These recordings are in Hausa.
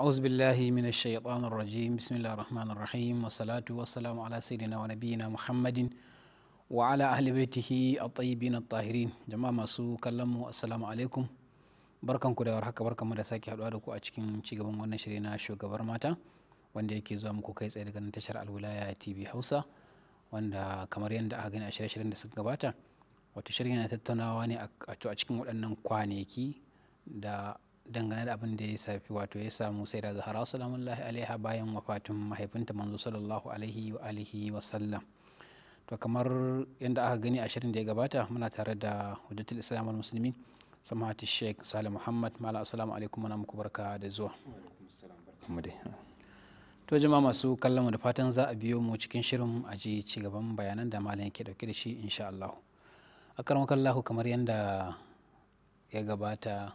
أعوذ بالله من الشيطان الرجيم بسم الله الرحمن الرحيم والصلاة والسلام على سيدنا ونبينا محمد وعلى أهل بيته الطيبين الطاهرين جماعة masu kallonmu assalamu Barkan barkanku da warhaka mu da sake haɗuwa da ku a cikin cigaban wannan shiri na shugabar mata wanda yake zuwa muku kai tsaye daga tashar alwilaya tv hausa wanda kamar yadda aka gani a shirye-shiryen da suka gabata wato shirin yana tattaunawa ne a cikin waɗannan kwanaki da dangane da abin da ya safi wato ya samu sai da zahara salamullahi alaiha bayan wafatun mahaifinta manzo sallallahu alaihi wa alihi wa sallam to kamar yadda aka gani a shirin da ya gabata muna tare da hujjatul islam al muslimin samahati sheikh salim muhammad mala assalamu alaikum wa muku barka da zuwa to jama masu kallon mu da fatan za a biyo mu cikin shirin a ji ci gaban bayanan da malam yake dauke da shi insha Allah a karamar kamar yadda ya gabata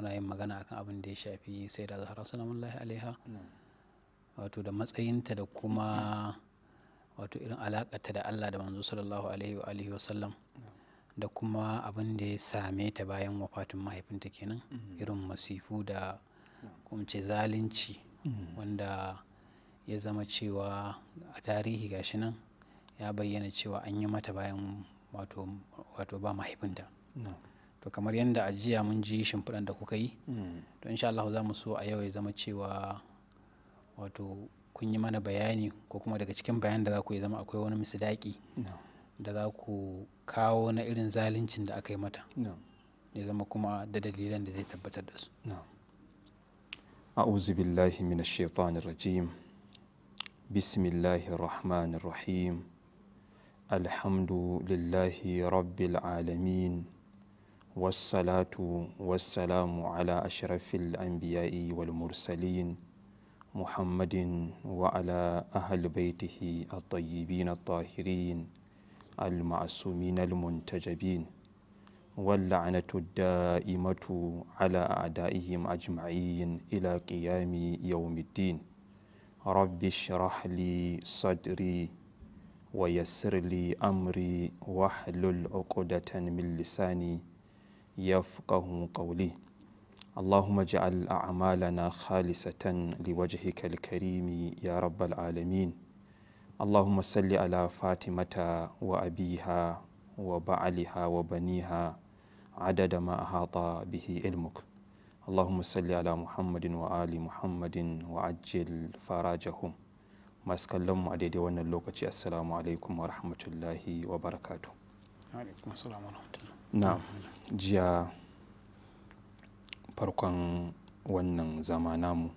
muna yin magana akan abin da ya shafi sai da zahara salamullahi alaiha wato da matsayinta da kuma wato irin alakata da allah da manzo sallallahu alaihi wa alihi wasallam da kuma abin da ya same ta bayan wafatin mahaifinta kenan irin masifu da kuma zalunci wanda ya zama cewa a tarihi gashi nan ya bayyana cewa an yi mata bayan wato ba mahaifinta. to kamar yadda a jiya mun ji shimfiɗan da kuka yi hmm. to insha Allah za mu so a yau ya zama cewa wato kun yi mana bayani ko kuma daga cikin bayan da za ku yi zama akwai wani misidaki da za ku kawo na irin zaluncin da aka yi mata ya zama kuma da dalilan da zai tabbatar da su أعوذ billahi من الشيطان الرجيم بسم الله الرحمن الرحيم والصلاة والسلام على أشرف الأنبياء والمرسلين محمد وعلى أهل بيته الطيبين الطاهرين المعصومين المنتجبين واللعنة الدائمة على أعدائهم أجمعين إلى قيام يوم الدين رب اشرح لي صدري ويسر لي أمري واحلل عقدة من لساني يفقه قولي اللهم اجعل أعمالنا خالصة لوجهك الكريم يا رب العالمين اللهم صل على فاطمة وأبيها وبعلها وبنيها عدد ما أحاط به علمك اللهم صل على محمد وآل محمد وعجل فرجهم masu kallon mu a daidai wannan lokaci assalamu alaikum wa rahmatullahi wa barakatu. na'am jiya farkon wannan zama namu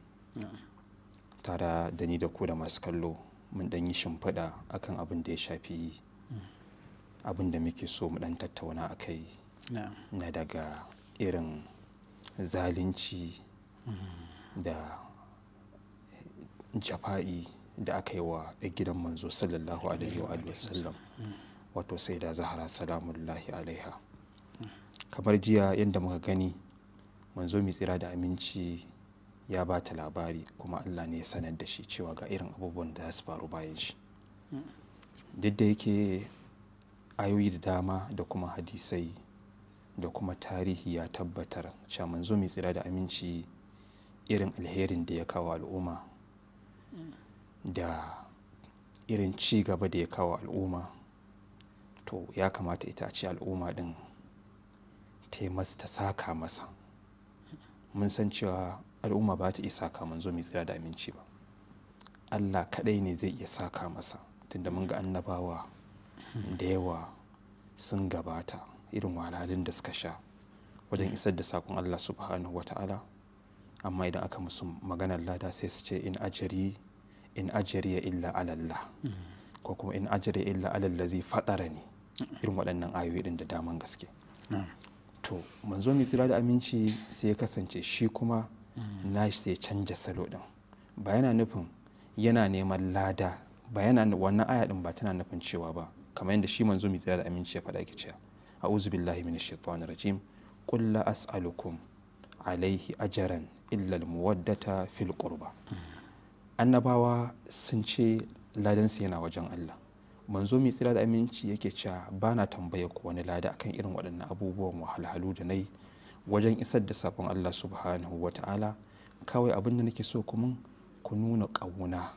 tare da ni da ku da masu kallo mun ɗan yi shimfiɗa akan abin da ya shafi abin da muke so mu ɗan tattauna a kai na daga irin zalunci da jafa'i da aka yi wa gidan manzo sallallahu alaihi wa sallam wato sai da zahara salamullahi alaiha kamar jiya yadda muka gani manzo mai tsira da aminci ya ba ta labari kuma allah ne ya sanar da shi cewa ga irin abubuwan da su faru bayan shi duk da yake ayoyi da dama da kuma hadisai da kuma tarihi ya tabbatar cewa manzo mai tsira da aminci irin alherin da ya kawo al'umma da irin ci gaba da ya kawo al'umma to ya kamata ita ce al'umma din ta masa ta saka masa mun san cewa al'umma ba ta iya saka manzo mai tsira da aminci ba allah kaɗai ne zai iya saka masa tunda mun ga annabawa da yawa sun gabata irin walalin da suka sha wajen isar da sakon allah subhanahu wata'ala amma idan aka musu maganar lada sai su ce in ajari in ya illa alallah ko kuma in ya illa zai faɗara ne irin waɗannan ayoyi din da daman gaske to manzo mai tsira da aminci sai ya kasance shi kuma nashi sai canja salo din ba yana nufin yana neman lada ba yana wannan aya din ba tana nufin cewa ba kamar yadda shi manzo mai tsira da aminci ya faɗa yake cewa a'udhu billahi minash shaitanir rajim qul la as'alukum alaihi ajaran illa almuwaddata fil qurba annabawa sun ce ladansu yana wajen Allah manzo mai tsira da aminci yake cewa ba na tambaya ko wani lada akan irin waɗannan abubuwan wahalhalu da na wajen isar da sabon allah subhanahu wa ta'ala kawai abin da nake so kuma ku nuna ƙauna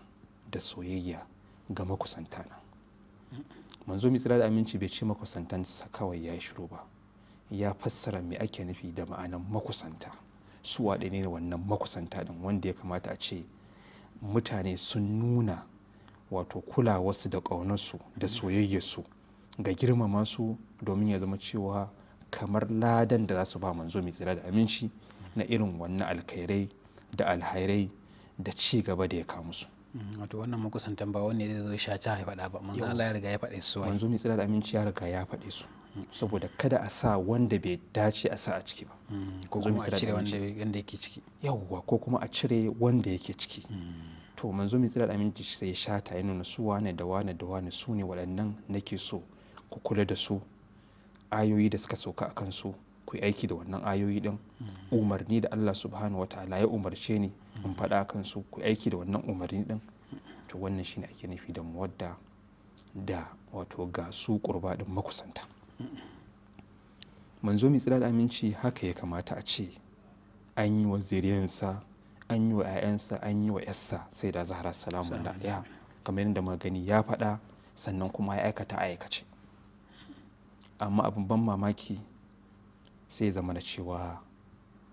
da soyayya ga makusanta nan manzo mai tsira da aminci bai ce makusantan sa kawai ya shiru ba ya fassara me ake nufi da ma'anan makusanta su waɗane ne wannan makusanta ɗin wanda ya kamata a ce mutane sun nuna wato kula wasu da ƙaunarsu da soyayyarsu ga girmama su domin ya zama cewa kamar ladan da za su ba manzo mai tsira da aminci na irin wannan alkhairai da alhairai da ci gaba da ya kawo musu mm, wato wannan makusantan ba wani zai zo ya shaci ya faɗa ba manzo Allah ya riga ya faɗe su manzo mai tsira da aminci ya riga ya faɗe su mm. saboda kada a sa wanda bai dace a sa a ciki ba mm, ko kuma a cire wanda yake ciki yawwa ko kuma a cire wanda yake ciki to manzo mai tsirar aminci sai ya ta ya nuna su wane da wane da wane su ne waɗannan nake so ku kula da su ayoyi da suka sauka a kansu ku yi aiki da wannan ayoyi din umarni da Allah subhanahu wa ta'ala ya umarce ni in faɗa a kansu ku yi aiki da wannan umarni din to wannan shi shine ake nufi da muwadda da wato ga su ƙurba ɗin makusanta manzo mai tsirar aminci haka ya kamata a ce an yi wa zuriyansa an yi wa 'ya'yansa an yi wa 'yarsa sai da zahara da alaiha kamar yadda magani ya faɗa sannan kuma ya aikata a aikace amma abin ban mamaki sai zama da cewa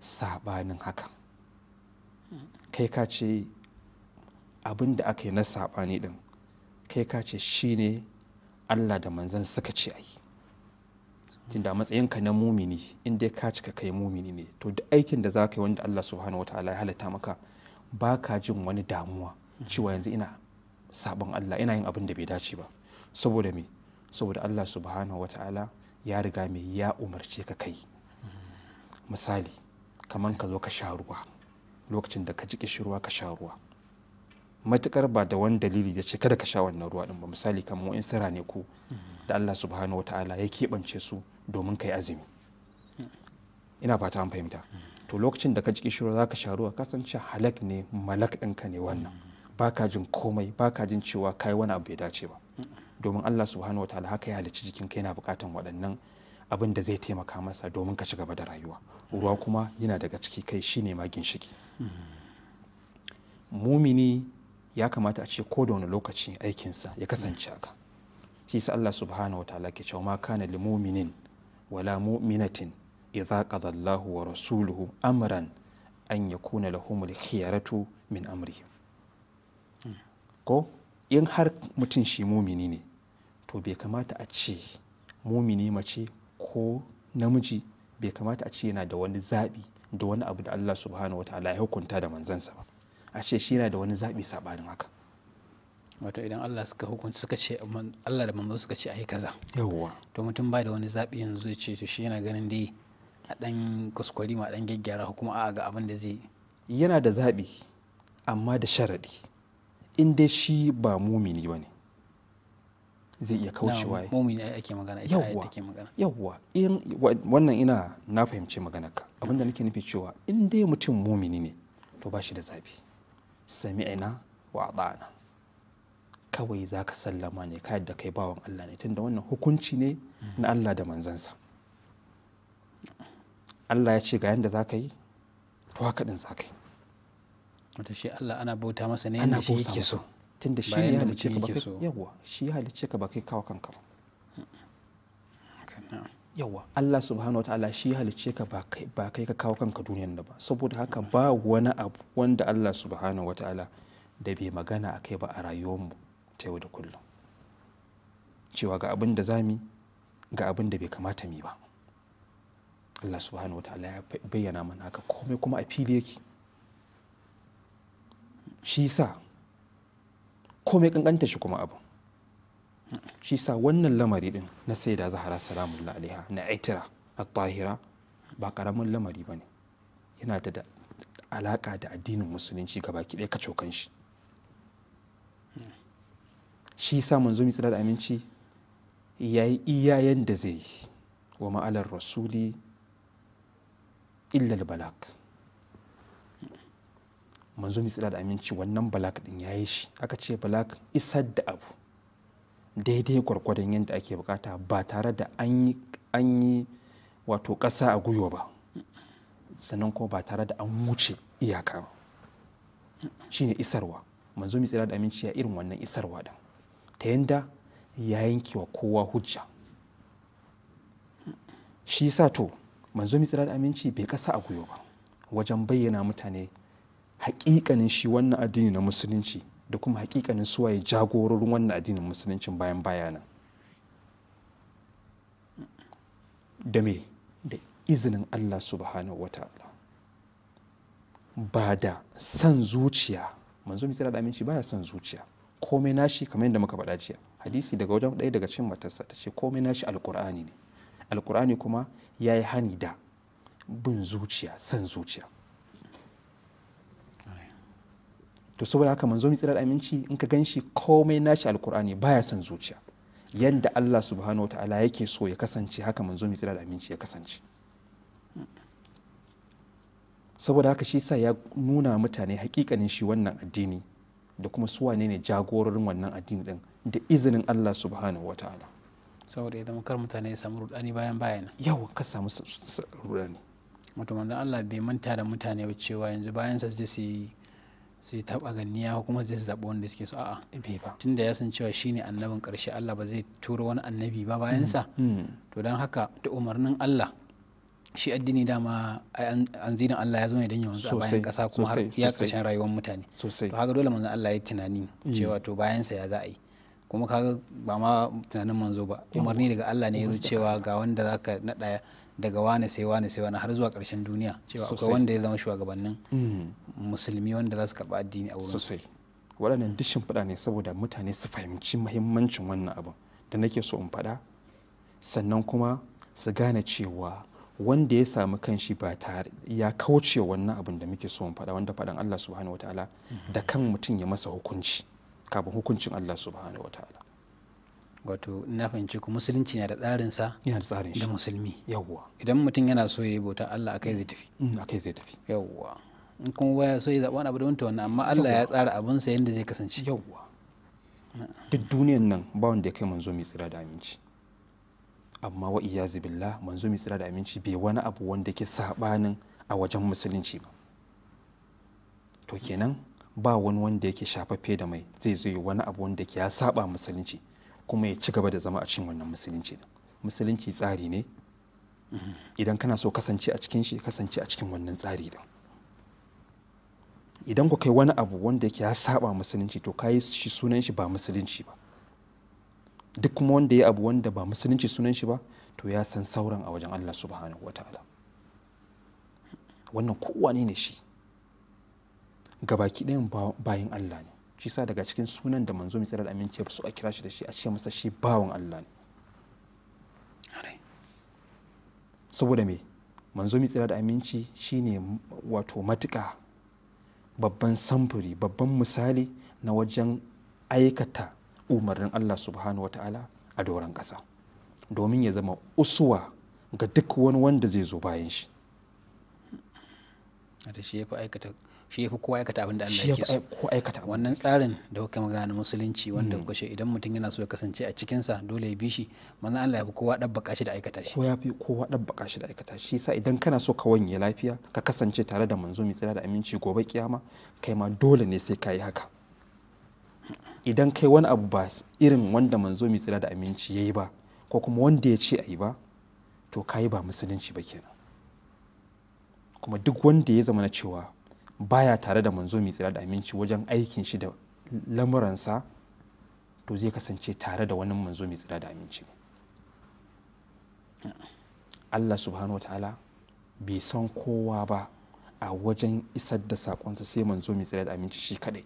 saɓanin haka kai ka ce abin da aka yi na saɓani ɗin kai ka ce shi allah da manzan suka ce a yi tunda matsayin matsayinka na mumini in dai ka cika kai mumini ne to duk aikin da za ka yi wanda Allah subhanahu wataala ya halitta maka ba ka jin wani damuwa mhm. cewa yanzu ina sabon Allah ina yin abin da bai dace ba saboda me saboda Allah subhanahu wataala ya riga me ya umarce ka kai mhm. misali kamar ka zo ka sha ruwa lokacin da ka ji kishirwa ka sha ruwa matukar ba da wani dalili da ce kada ka sha wannan ruwa din ba misali kamar wa'in sira ne mhm. ko da Allah subhanahu wataala ya keɓance su domin yi azumi ina fata an fahimta to lokacin da ka ji kishiro za ka sharuwa kasance halak ne malak ɗinka ne wannan baka jin komai baka jin cewa kai wani abu ya dace ba domin Allah subhanahu wa ta'ala haka ya halicci jikin kai yana bukatan waɗannan abin da zai taimaka masa domin ka ci gaba da rayuwa ruwa kuma yana daga ciki kai shine ma ginshiki mumini ya kamata a ce ko da wani lokaci aikinsa ya kasance haka shi sa Allah subhanahu wa ta'ala ke cewa ma kana lil mu'minin wala mu'minatin idza qada Allahu wa rasuluhu amran an yakuna lahumul khiyaratu min amrihim ko in har mutum shi mumini ne to bai kamata a ce mumini mace ko namiji bai kamata a ce yana da wani zaɓi da wani abu da Allah subhanahu wa ta'ala ya hukunta da manzansa ba a ce shi yana da wani zaɓi saɓanin haka wato idan Allah suka hukunci suka ce Allah da manzo suka ce ayi kaza yawwa to mutum ba da wani zabi yanzu ya ce to shi yana ganin dai a dan kuskure ma dan gyaggyara kuma a ga abin da zai yana da zabi amma da sharadi in dai shi ba mumini bane zai iya kaucewa ya mumini ake magana ita ayat ke magana yawwa in wannan ina na fahimci maganarka da nake nufi cewa in dai mutum mumini ne to ba shi da zabi sami'ina wa ata'ana kawai za ka sallama ne ka yadda kai bawan Allah ne tunda wannan hukunci ne na Allah da manzansa Allah ya ce ga yadda za ka yi to haka din za ka yi wata shi Allah ana bauta masa ne yadda shi yake so tunda shi ya halice ka baka yawa shi ya halicce ka baka kawo kanka yawa Allah subhanahu wa ta'ala shi ya halicce ka ba kai ka kawo kanka duniyan da ba saboda haka ba wani abu wanda Allah subhanahu wa ta'ala da bai magana a kai ba a rayuwarmu ta yau da kullum cewa ga abin da za ga abin da bai kamata mu ba Allah subhanahu wataala ya bayyana mana haka komai kuma a fili yake shi sa komai kankanta shi kuma abu shi sa wannan lamari din na sai da zahara salamun la'aliha na itira a tahira ba karamin lamari ba ne yana da alaka da addinin musulunci gaba ki ɗaya ka shi shi sa manzo mai da aminci ya yi iyayen da zai yi wa ma'alar rasuli illal balak manzo mai da aminci wannan balak din ya yi shi aka ce balak isar da abu daidai gwargwadon yadda ake bukata ba tare da an yi wato ƙasa a gwiwa ba sannan kuma ba tare da an wuce iyaka ba shine isarwa manzo mai da aminci ya irin wannan isarwa din ta yanda ya yanki wa kowa hujja shi sa to manzo mai da aminci bai kasa a gwiwa ba wajen bayyana mutane hakikanin shi wannan addini na musulunci da kuma hakikanin suwaye jagororin wannan addinin musuluncin bayan bayana da me da izinin allah subhanahu wa ta'ala ba da san zuciya manzo mai da aminci ba ya son zuciya komai nashi kamar yadda muka faɗa jiya hadisi daga wajen ɗaya daga cikin matarsa ta ce komai nashi alkur'ani ne alkur'ani kuma ya yi hani da bin zuciya san zuciya to saboda haka manzo mai tsirar aminci in ka ganshi komai nashi alkur'ani baya san zuciya yadda Allah subhanahu wataala yake so ya kasance haka manzo mai tsirar aminci ya kasance saboda haka shi sa ya nuna mutane hakikanin shi wannan addini da kuma su wane ne jagororin wannan addini din da izinin Allah subhanahu wataala saboda ya zama kar mutane ya samu rudani bayan bayan yawa ka samu rudani wato manzon Allah bai manta da mutane ba cewa yanzu bayan sa su yi su taɓa ganiya ko kuma zai zabo wanda suke so a'a tunda ya san cewa shine annabin karshe Allah ba zai turo wani annabi ba bayansa mm, mm. to dan haka da umarnin Allah shi addini dama an zinin Allah ya zo ne don ya wanzu a bayan kasa kuma har ya karshen rayuwar mutane to haka dole manzon Allah ya tunani mm. cewa to bayan ya za a yi kuma kaga ba ma tunanin manzo ba umarni daga Allah ne ya zo cewa ga wanda za ka nada daga wane sai wane sai wane har zuwa karshen duniya cewa akwai wanda ya zama shugabannin mm. musulmi wanda za su karɓi addini a wurin Sosai, waɗannan dishin faɗa ne saboda mutane su fahimci muhimmancin wannan abun da nake so in faɗa sannan kuma su gane cewa wanda ya samu kanshi ba tare ya kauce wannan abin da muke so mu faɗa wanda faɗan Allah subhanahu wataala mhm. da kan mutum ya masa hukunci kafin hukuncin Allah subhanahu wataala wato na fahimci ku musulunci na da tsarin sa yana da tsarin shi da musulmi yawwa idan mutum yana so ya bauta Allah akai zai tafi mm, akai zai tafi yawwa in kuma baya so ya zaɓa wani abu da wanta wannan amma Allah ya tsara abin sa yadda zai kasance yawwa duk duniyan nan ba wanda ya kai manzo mai tsira da aminci amma wa iyazu billah manzo mai tsira da aminci bai wani abu wanda ke sabanin a wajen musulunci ba to kenan ba wani wanda yake shafaffe da mai zai zo wani abu wanda ke ya saba musulunci kuma ya ci gaba da zama a cikin wannan musulunci musulunci tsari ne idan kana so kasance a cikin shi kasance a cikin wannan tsari da idan ku kai wani abu wanda ke ya saba musulunci to kayi shi sunan shi ba musulunci ba duk kuma wanda ya abu wanda ba musulunci sunan shi ba to ya san sauran a wajen Allah subhanahu wataala wannan kowa ne shi gabaki ɗayan bayan Allah ne shi sa daga cikin sunan da manzo mai tsirar aminci ba su a kira shi da shi a ce masa shi bawan Allah ne saboda me manzo mai tsirar aminci ne wato matuka, babban samfuri babban misali na wajen aikata umarnin Allah subhanahu wa ta'ala a doron ƙasa domin ya zama usuwa ga duk wani wanda zai zo bayan shi shi ya fi kowa aikata abin da Allah ke su wannan tsarin da kuka magana musulunci wanda hmm. kuka ce idan mutum yana so ya kasance a cikinsa dole ya bi shi manzon Allah ya fi kowa dabbaka shi da aikata shi ko ya fi kowa dabbaka shi da aikata shi yasa idan kana so ka wanye lafiya ka kasance tare da manzo mai tsira da aminci gobe kiyama kai ma dole ne sai ka yi haka idan kai wani abu ba irin wanda manzo mai tsira da aminci ya yi ba ko kuma wanda ya ce a yi ba to ka yi ba musulunci ba kenan kuma duk wanda ya zama na cewa baya tare da manzo mai tsira da aminci wajen aikin shi da lamuransa to zai kasance tare da wani manzo mai tsira da aminci ne Allah subhanahu ta'ala bai san kowa ba a wajen isar da saƙonsa sai manzo mai tsira da aminci shi kadai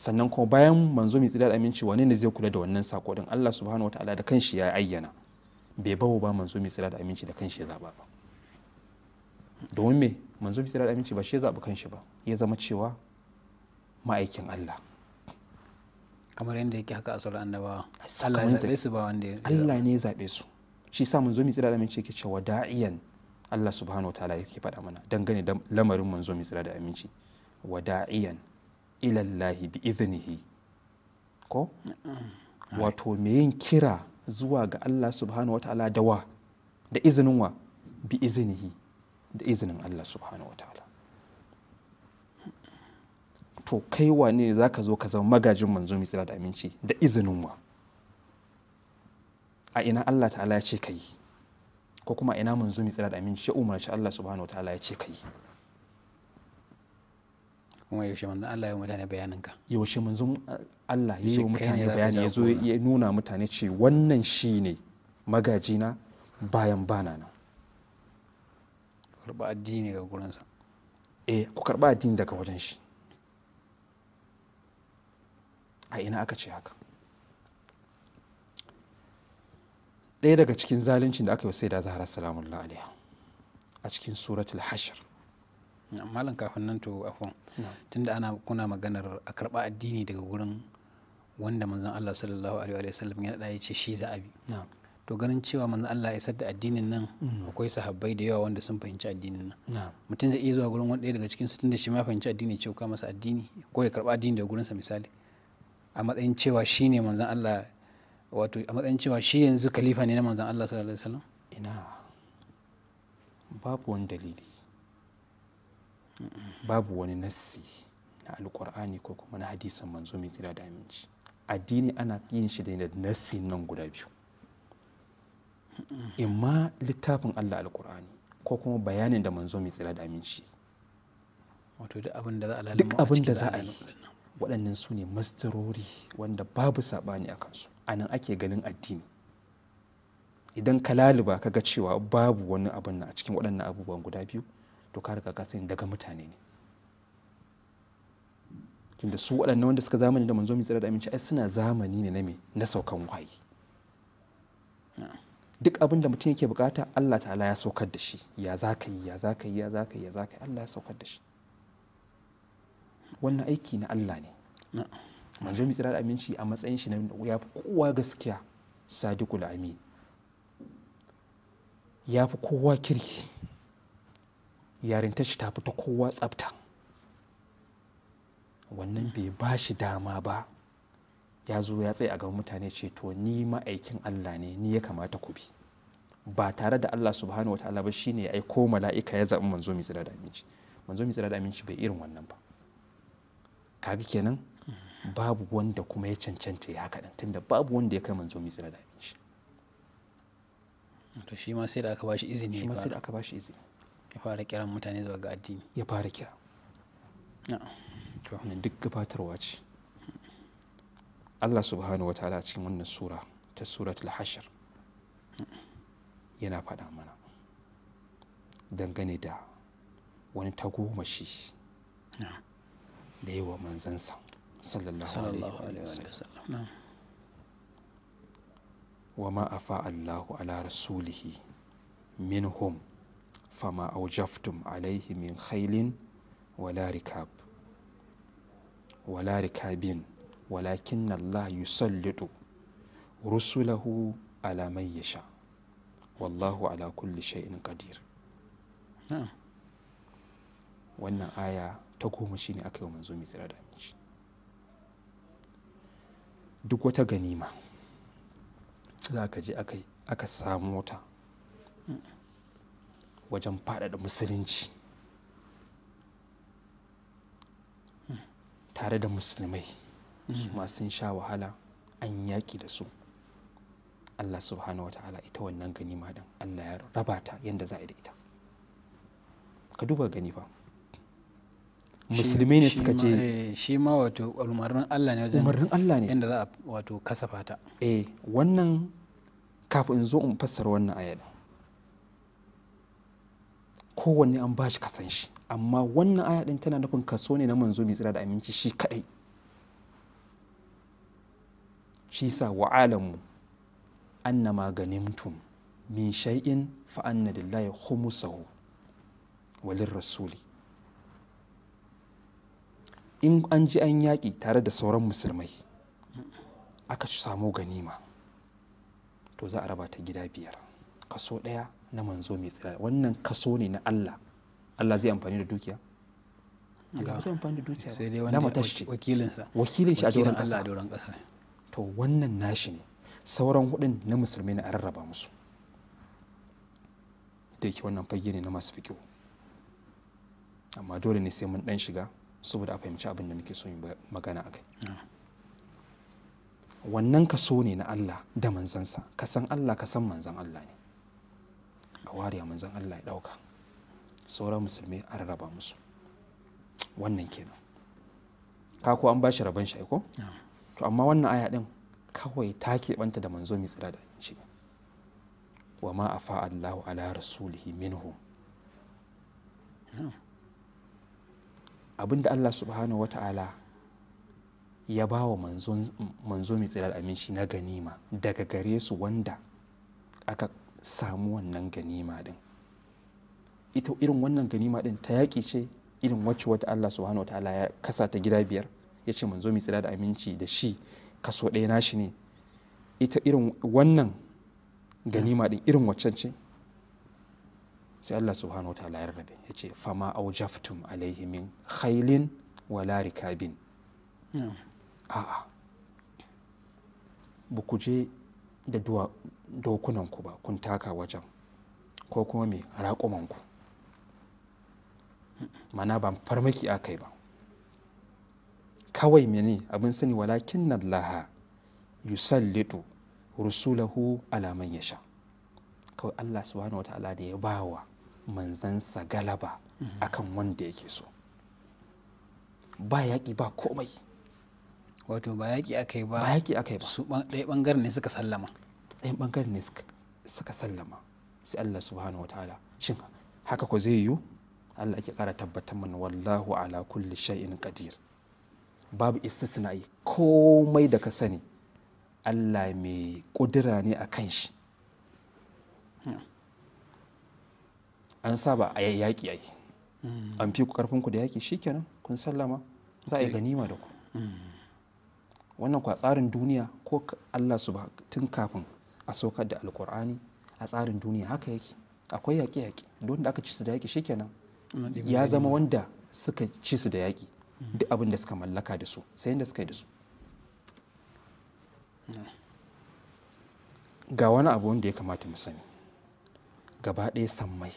sannan kuma bayan manzo mai tsira aminci wane ne zai kula da wannan sako din Allah subhanahu wataala da kanshi ya ayyana bai bawo ba manzo mai tsira aminci da kanshi ya zaba ba domin me manzo mai tsira aminci ba shi ya zaba kanshi ba ya zama cewa ma'aikin Allah kamar yadda yake haka asal annabawa Allah ya zabe su ba wanda Allah ne ya zabe su shi sa manzo mai tsira aminci yake cewa da'iyan Allah subhanahu wataala yake faɗa mana dangane da lamarin manzo mai tsira da aminci wada'iyan ilallahi bi iznihi ko wato me yin kira zuwa ga Allah subhanahu wataala da wa da izinin wa bi iznihi da izinin Allah subhanahu wataala to kai wane ne zaka zo ka zama magajin manzo mai tsira da aminci da izinin wa a ina Allah ta'ala ya ce kai ko kuma a ina manzo mai tsira da aminci ya umarci Allah subhanahu wataala ya ce kai kuma yaushe manzon Allah ya yi mutane bayanin ka yaushe manzon Allah ya yi mutane bayani ya zo ya nuna mutane ce wannan shi ne magajina bayan bana nan karba addini daga gurinsa eh ku karba addini daga wajen shi a ina aka ce haka ɗaya daga cikin zaluncin da aka yi wa sai da zahara salamun a cikin suratul hashir malam kafin nan to afon tunda ana kuna maganar a karba addini daga wurin wanda manzon Allah sallallahu alaihi wa sallam ya ya ce shi za a bi to ganin cewa manzon Allah ya da addinin nan mm. akwai sahabbai da yawa wanda sun fahimci addinin nan mutum zai iya zuwa gurin wani ɗaya daga cikin su tunda shi ma fahimci addini ce ka masa addini ko ya karba addini daga gurin sa misali a matsayin cewa shi ne manzon Allah wato a matsayin cewa shi yanzu khalifa ne na manzon Allah sallallahu alaihi wa sallam ina babu wani dalili babu wani nassi na alkur'ani ko kuma na hadisan manzo mai tsira da aminci addini ana yin shi da nassi nan guda biyu imma littafin Allah alkur'ani ko kuma bayanin da manzo mai tsira da aminci duk abin da za a yi waɗannan su ne mastarori wanda babu saɓani a kansu a nan ake ganin addini idan ka laliba ka ga cewa babu wani abin a cikin waɗannan abubuwan guda biyu to ka riga kasin daga mutane ne tunda su waɗannan wanda suka zamani da manzo mai tsira da aminci ai suna zamani ne na me na saukan wayi duk abin da mutum yake bukata Allah ta'ala ya saukar da shi ya za ka yi ya za ka yi ya za ka yi ya za ka yi Allah ya saukar da shi wannan aiki na Allah ne manzo mai tsira da aminci a matsayin shi na ya fi kowa gaskiya sadiqul amin ya fi kowa kirki yarinta shi ta kowa tsafta wannan bai ba shi dama ba ya zo ya tsaye a gaban mutane ce to ni ma'aikin Allah ne ni ya kamata ku bi ba tare da Allah subhanahu wataala ba shine ya aiko mala'ika ya zaɓi manzo mai tsira da aminci manzo mai tsira da aminci bai irin wannan ba kaga kenan babu wanda kuma ya cancanta ya haka tunda babu wanda ya kai manzo mai tsira da aminci to shi ma sai da aka shi izini shi ma sai da aka shi izini ya fara kiran mutane zuwa ga addini ya fara kira duk gabatarwa ce Allah subhanahu wa ta'ala cikin wannan sura ta suratul lahashar yana faɗa mana dangane da wani tagomashi da yi wa manzansa sallallahu alaihi wa sallam. wa ma Allahu ala rasulihi minhum fama aujaftum alaihi min khailin wala rikab wala rikabin walakin Allah yusallitu rusulahu ala man yasha wallahu ala kulli shay'in qadir ah. wannan aya ta goma shi ne aka yi manzo mai tsira da aminci duk wata ganima za ka je aka samu ta wajen faɗaɗa musulunci tare da musulmai su ma sun sha wahala an yaƙi da su allah subhanahu wa ta'ala ita wannan gani madan allah ya raba ta yadda za a yi da ita ka duba gani ba musulmai ne suka je eh, shi ma wato umarnin allah ne wajen allah ne yadda za a wato kasafa ta eh wannan kafin in zo in fassara wannan ayyada. kowanne an ba shi kasan shi amma wannan aya din tana nufin kaso ne na manzo mai tsira da aminci shi kadai shi sa wa alamu annama ganimtum min shay'in fa anna lillahi khumsahu walin rasuli in an ji an yaƙi tare da sauran musulmai aka samu ganima to za a raba ta gida biyar kaso ɗaya na manzo mai tsira wannan kaso ne na Allah Allah zai amfani da dukiya sai dai wani wakilinsa wakilin shi a doron kasa. to wannan nashi ne sauran hudun na musulmi na rarraba musu da yake wannan fage ne na masu fikiyo amma dole ne sai mun dan shiga saboda a fahimci abin da muke so yin magana akai hmm. wannan kaso ne na Allah da manzansa ka san Allah ka san manzan Allah ne a ware manzan Allah ya ɗauka sauran musulmi a rarraba musu wannan kenan ka ko an ba shi rabon shi aiko to amma wannan aya din kawai ta keɓanta da manzo mai tsira da shi wa ma afa Allahu ala rasulihi minhu abinda Allah subhanahu wata'ala ya ba wa manzo mai tsira da aminci na ganima daga gare su wanda aka samu wannan ganima din ita irin wannan ganima din ta yaƙi ce irin wacce wata Allah subhanahu ta'ala ya kasa ta gida biyar ya ce manzo mai tsira da aminci da shi kaso ɗaya nashi ne ita irin wannan ganima din irin waccan ce sai Allah subhanahu ta'ala ya rarrabe ya ce fama aujaftum alaihi min khailin wala rikabin hmm. a'a ba ku je da dokunanku ba kun taka wajen ko kuma mai raƙumanku mana ban farmaki aka yi ba kawai mene abin sani walakin nan laha yusallitu rusulahu alaman ya sha kawai allah subhanahu wa ta'ala da ya ba wa manzansa galaba mhm. akan wanda yake so ba yaƙi ba komai wato ba yaƙi aka yi ba ba yaƙi aka yi ba su ɗaya ɓangaren ne suka sallama ɗaya ɓangaren ne suka sallama sai Allah subhanahu wataala shin haka ko zai yiwu Allah ake ƙara tabbatar mana wallahu ala kulli shay'in qadir babu istisna'i komai da ka sani Allah mai kudura ne a kan shi an saba a yaƙi ai hmm. an fi ku ƙarfinku da yaƙi shikenan kun sallama za a yi ganima da ku hmm. wannan kwa tsarin duniya ko Allah su ba tun kafin a saukar da alkur'ani a tsarin duniya haka yake akwai yaƙe-yaƙe don da aka ci su da yaƙi shikenan ya zama wanda suka ci su da yaƙi mhm. duk abin da suka mallaka da su sai da suka yi da su ga wani abu wanda ya kamata mu sani gaba ɗaya sammai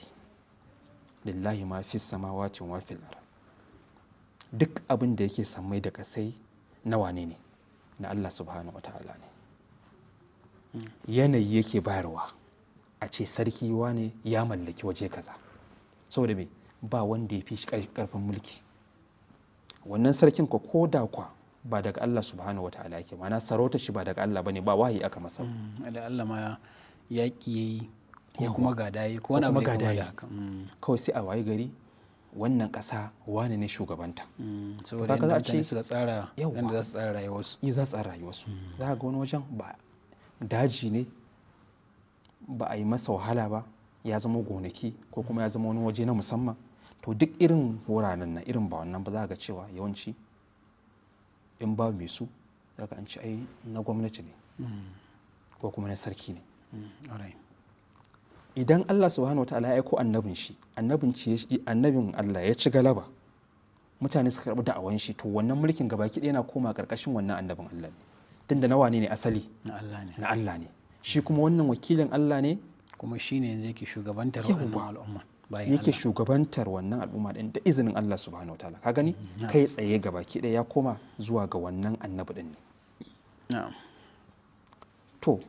lillahi ma fi samawati wa fil duk abin da yake sammai da kasai na wane ne na Allah subhanahu wata'ala ne yanayi yake bayarwa a ce sarki wane ya mallaki waje kaza saboda me ba wanda ya fi shi karfin mulki wannan sarkin ko ko da kwa ba daga Allah subhanahu wata'ala yake na sarauta shi ba daga Allah bane ba wahayi aka masa mm, da Allah ma ya kiyayi ko kuma yi ko wani abu da mm. kawai sai a waye gari wannan ƙasa wani ne shugabanta mm, saboda yadda mutane suka tsara yadda za su tsara rayuwarsu yi eh, za su tsara rayuwarsu mm. za ga wani wajen ba daji ne ba a yi masa wahala ba ya zama gonaki ko kuma ya zama wani waje na musamman to duk irin wuraren na irin ba wannan ba za ga cewa yawanci in ba mai su za ka an ci ai na gwamnati ne mm. ko kuma na sarki ne idan Allah subhanahu wataala ya aiko annabin shi annabin shi annabin Allah ya ci galaba mutane suka karɓi da'awan shi to wannan mulkin gaba ɗaya yana koma ƙarƙashin wannan annabin Allah ne tunda nawa ne asali na Allah ne shi kuma wannan wakilin Allah ne kuma shi ne yanzu yake shugabantar wannan al'umma yake shugabantar wannan al'umma din da izinin Allah subhanahu wataala ka gani mm-hmm. kai tsaye gaba ɗaya ya koma zuwa ga wannan annabi din ne to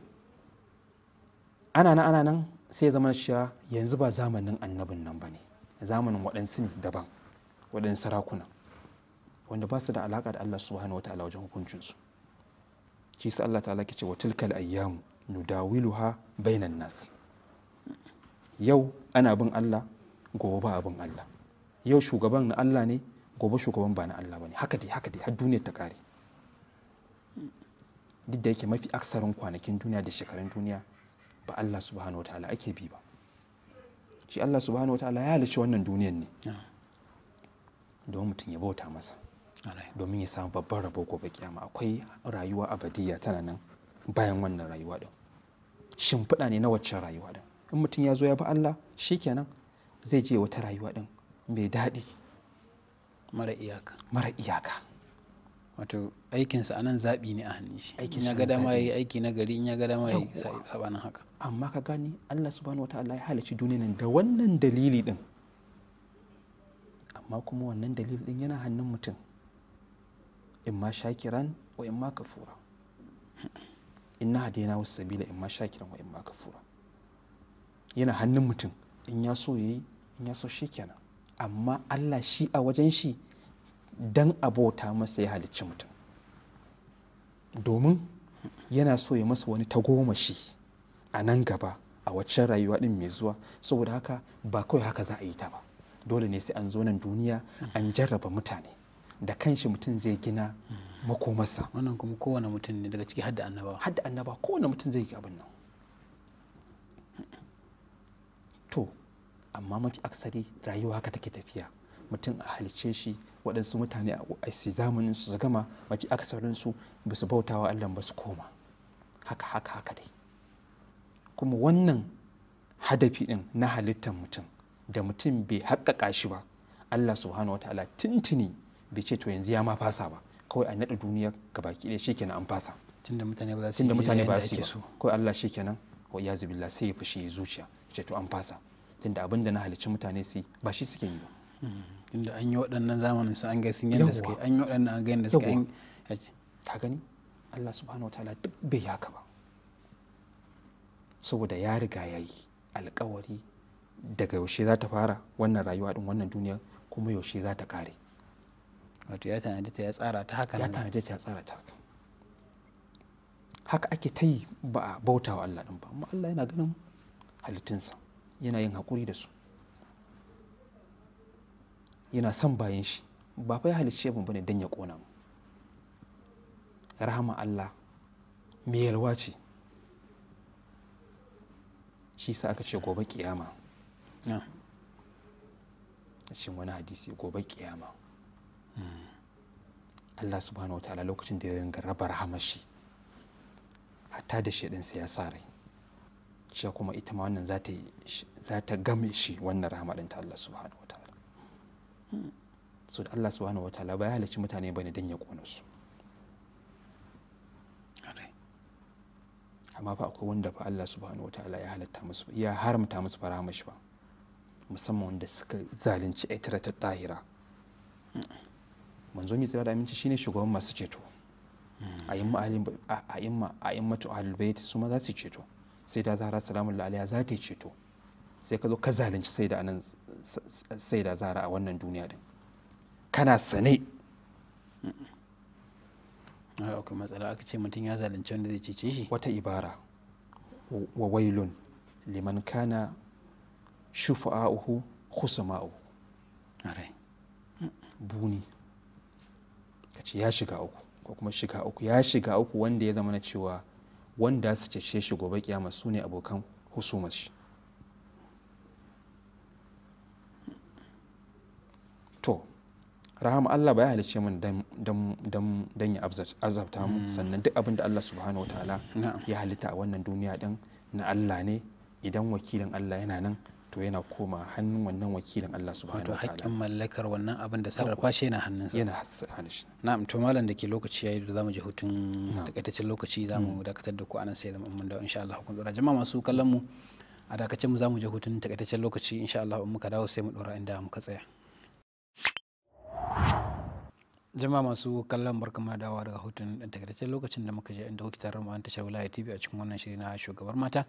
ana nan ana nan sai zama cewa yanzu ba zamanin annabin nan ba ne zamanin waɗansu ne daban waɗansu sarakuna wanda ba su da alaƙa da Allah subhanahu wataala wajen hukuncinsu shi su Allah ta'ala ke ce wa tilkal ayyamu nudawiluha bainan nas yau ana bin Allah gobe ba abin Allah yau shugaban na Allah ne gobe shugaban ba na Allah ba ne haka dai haka dai har duniyar ta kare duk da yake mafi aksarin kwanakin duniya da shekarun duniya ba Allah subhanahu wataala ake bi ba shi Allah subhanahu wataala ya halicci wannan duniyan ne ah. don mutum ya bauta masa domin ya samu babban rabo gobe kiyama akwai rayuwa abadiyya tana nan bayan wannan rayuwa din shimfiɗa ne na waccan rayuwa din in mutum ya zo ya bi Allah shikenan zai je wata rayuwa din mai daɗi mara iyaka mara iyaka wato aikinsa anan zaɓi ne a hannun shi in ya ga dama yi aiki na gari in ya ga dama ya yi sabanin haka amma ka gani Allah subhanahu ta'ala ya halicci duniya nan da wannan dalili din amma kuma wannan dalili din yana hannun mutum in ma shakiran wa in ma kafura na hadaina wasu sabila in ma shakiran wa in ma kafura yana hannun mutum in ya so yayi in ya so shi kenan amma Allah shi a wajen shi dan abota masa ya halicci mutum domin yana so ya masa wani tagomashi a nan gaba a waccan rayuwa din mai zuwa saboda haka ba kawai haka za a yi ta ba dole ne sai an zo nan duniya an jarraba mutane da kanshi mutum zai gina makomarsa wannan kuma kowane mutum ne daga ciki hadda annaba hadda annaba kowane mutum zai yi abin nan to amma mafi aksari rayuwa haka take tafiya mutum a halice shi waɗansu mutane a zamanin su gama mafi aksarinsu ba su bautawa allah ba su koma haka haka haka dai kuma wannan hadafi ɗin na halittar mutum da mutum bai haƙaƙa shi ba Allah subhanahu wa ta'ala tintini bai ce to yanzu ya ma fasa ba kawai a naɗa duniyar gabaki ɗaya shikenan an fasa tunda mutane ba za su yi kawai Allah shikenan wa iyazu billah sai ya fushi ya zuciya ce to an fasa tunda abin da na halicci mutane su ba shi suke yi ba hmm, tunda an yi waɗannan zamanin su an ga sun yadda suke an yi waɗannan an ga yadda suke an ka gani Allah subhanahu wa ta'ala duk bai yaka ba saboda ya riga ya yi alkawari daga yaushe za ta fara wannan rayuwa din wannan duniya kuma yaushe za ta kare wato ya tanadi ta ya tsara ta haka ya tanadi ta ya tsara ta haka haka ake ta yi ba a bauta wa Allah din ba amma Allah yana ganin halittunsa yana yin hakuri da su yana son bayan shi ba fa ya halicce mu bane dan ya kona mu rahama Allah me yalwa ce shi sa aka ce gobe kiyama a cikin wani hadisi gobe kiyama Allah subhanahu ta'ala lokacin da ya ringa raba rahamashi hatta da shi ɗinsa ya sa rai cewa kuma ita ma wannan za ta game shi wannan rahama ta Allah subhanahu ta'ala so da Allah subhanahu wa ta'ala ya halicci mutane bane dan ya kona su amma fa akwai wanda fa Allah subhanahu ta'ala ya halatta musu ya haramta musu fara ba musamman wanda suka zalunci aitara ta tahira manzo mi da aminci shine shugaban masu ceto hmm. a ayyuma ahlul albayt su ma za su ceto sai da zahra salamu alaiha za ta ceto sai ka zo ka zalunci sai da anan sai da zahra a wannan duniya din kana sane hmm. Ah, akwai matsala aka ce mutum ya zalunci wanda zai cece shi wata ibara wa wailun liman kana shufa'ahu khusma'u arai buni ka ce ya shiga uku ko kuma shiga uku ya shiga uku wanda ya zama na cewa wanda su cece shi gobe kiyama su ne abokan husumar shi rahama Allah ba ya halicce min dan ya azabta mu mm. sannan duk abin da Allah subhanahu wa ta'ala ya halitta a wannan duniya din na Allah ne idan wakilin Allah yana nan to yana koma hannun wannan wakilin Allah subhanahu wataala wato haƙƙin mallakar wannan abin da sarrafa shi yana hannun sa. yana hannunsa na'am to malam da ke lokaci yayi da zamu ji hutun takaitaccen lokaci zamu mm. dakatar da ku anan sai zama mun da insha Allah kun dora jama'a masu kallon mu a dakacin mu zamu je hutun takaitaccen lokaci insha Allah in muka dawo sai mu dora inda muka tsaya jama'a masu kallon barka ma dawa daga hutun dan takaitaccen lokacin da muka je inda kuke tare mu an tashar wilaya tv a cikin wannan shiri na shugabar mata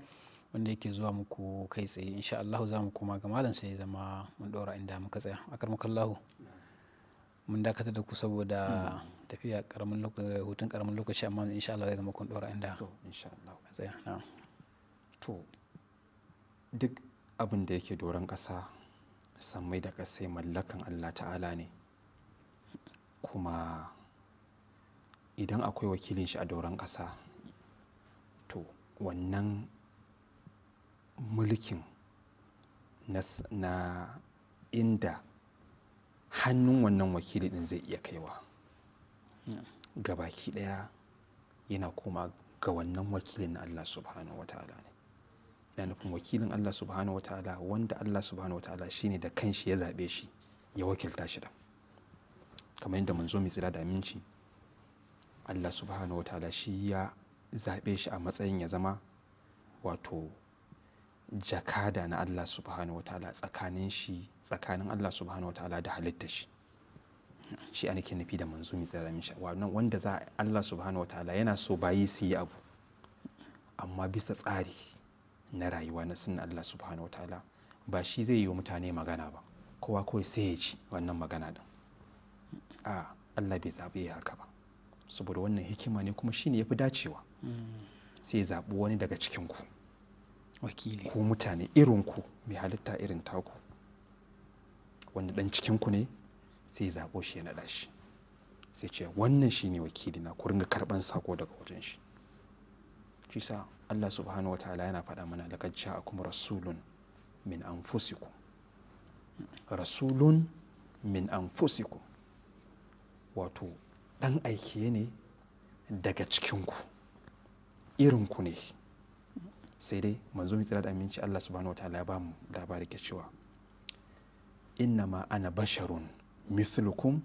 wanda yake zuwa muku kai tsaye insha Allah za mu koma ga malam sai zama mun dora inda muka tsaya akar mu kallahu mun dakatar da ku saboda tafiya karamin lokaci hutun karamin lokaci amma insha Allah zai zama kun dora inda to insha Allah tsaya na to duk abin da yake doron kasa sammai da kasai mallakan Allah ta'ala ne kuma idan akwai wakilin shi a doron ƙasa to wannan mulkin na inda hannun wannan wakili ɗin zai iya kaiwa gabaki ɗaya yana koma ga wannan wakilin na Allah subhanahu wata'ala ne yana nufin wakilin Allah subhanahu wata'ala wanda Allah subhanahu wata'ala shine da kanshi ya zaɓe shi ya wakilta shi da kamar yadda zo mai tsira da aminci Allah subhanahu wataala shi ya zaɓe shi a matsayin ya zama wato jakada na Allah subhanahu wataala tsakanin shi tsakanin Allah subhanahu wataala da halitta shi shi ana ke nufi da manzo mai tsira da aminci wanda za Allah subhanahu wataala yana so bayi su yi abu amma bisa tsari na rayuwa na sunan Allah subhanahu wataala ba shi zai yi wa mutane magana ba kowa kawai sai ya ci wannan magana din a Allah bai zaɓi ya haka ba saboda wannan hikima ne kuma shine fi dacewa sai ya zaɓi wani daga cikinku ku wakili Ko mutane irin ku mai halitta irin taku wanda dan cikinku ne sai ya zaɓo shi ya naɗa shi sai ce wannan shine wakili na ku ringa karɓan sako daga wajen shi shi Allah subhanahu wa ta'ala yana faɗa mana a kuma rasulun min anfusikum rasulun min anfusikum wato ɗan aike ne daga cikinku irinku ne sai dai manzo mai da aminci Allah subhanahu taala ya ba da labari ke cewa inna ma ana basharun mithlukum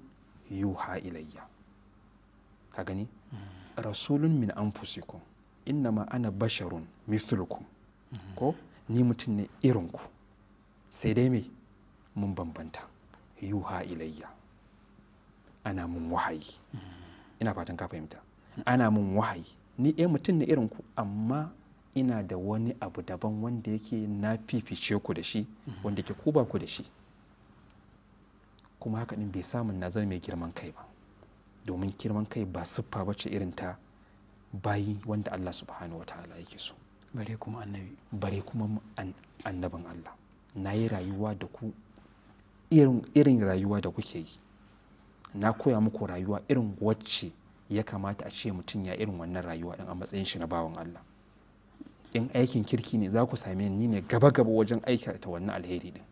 yuha ilayya ka gani rasulun min anfusikum inna ma ana basharun mithlukum ko ni mutum ne irin ku sai dai me mun bambanta yuha ilayya ana mun wahayi ina fatan ka fahimta ana mun wahayi ni ɗaya eh, mutum na irin ku amma ina da wani abu daban wanda yake na fifice ku da shi wanda ke ku ku da shi kuma haka ɗin bai samun na zama mai girman kai ba domin girman kai ba siffa bace irin ta bayi wanda Allah subhanahu wa ta'ala yake so bare kuma annabi bare kuma annabin Allah na yi rayuwa da ku irin rayuwa da kuke yi na koya muku rayuwa irin wacce ya kamata a ce mutum ya irin wannan rayuwa din a matsayin shi na bawan Allah in aikin kirki ne za ku same ni ne gaba gaba wajen ta wannan alheri din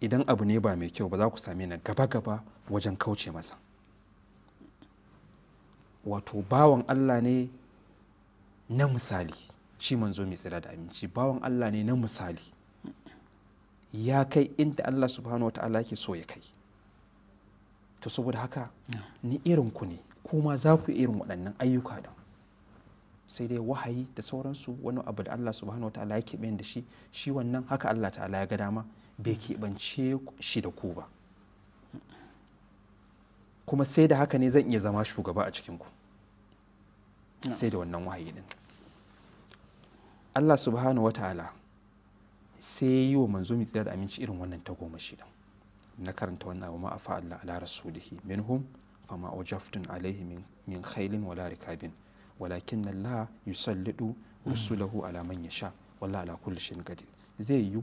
idan abu ne ba mai kyau ba za ku same ni gaba gaba wajen kauce masa wato bawan Allah ne na misali shi manzo mai tsira da aminci bawan Allah ne na misali ya kai inda Allah subhanahu wa ta'ala ke so ya kai to saboda haka ni irin ku ne kuma za ku irin waɗannan ayyuka ɗin sai dai wahayi da sauransu wani abu da Allah subhanahu wa ta'ala ya keɓe da shi shi wannan haka Allah ta'ala ya ga dama bai keɓance shi da ku ba kuma sai da haka ne zan iya zama shugaba a cikinku sai da wannan wahayi din Allah subhanahu wa ta'ala sai yi wa manzo mai tsira da aminci irin wannan goma din na karanta wannan abu ma Allah ala rasulihi minhum fama wajaftun alaihi min khailin wala rikabin walakin Allah yusallidu rusulahu ala man yasha walla ala kulli shay'in qadir zai yi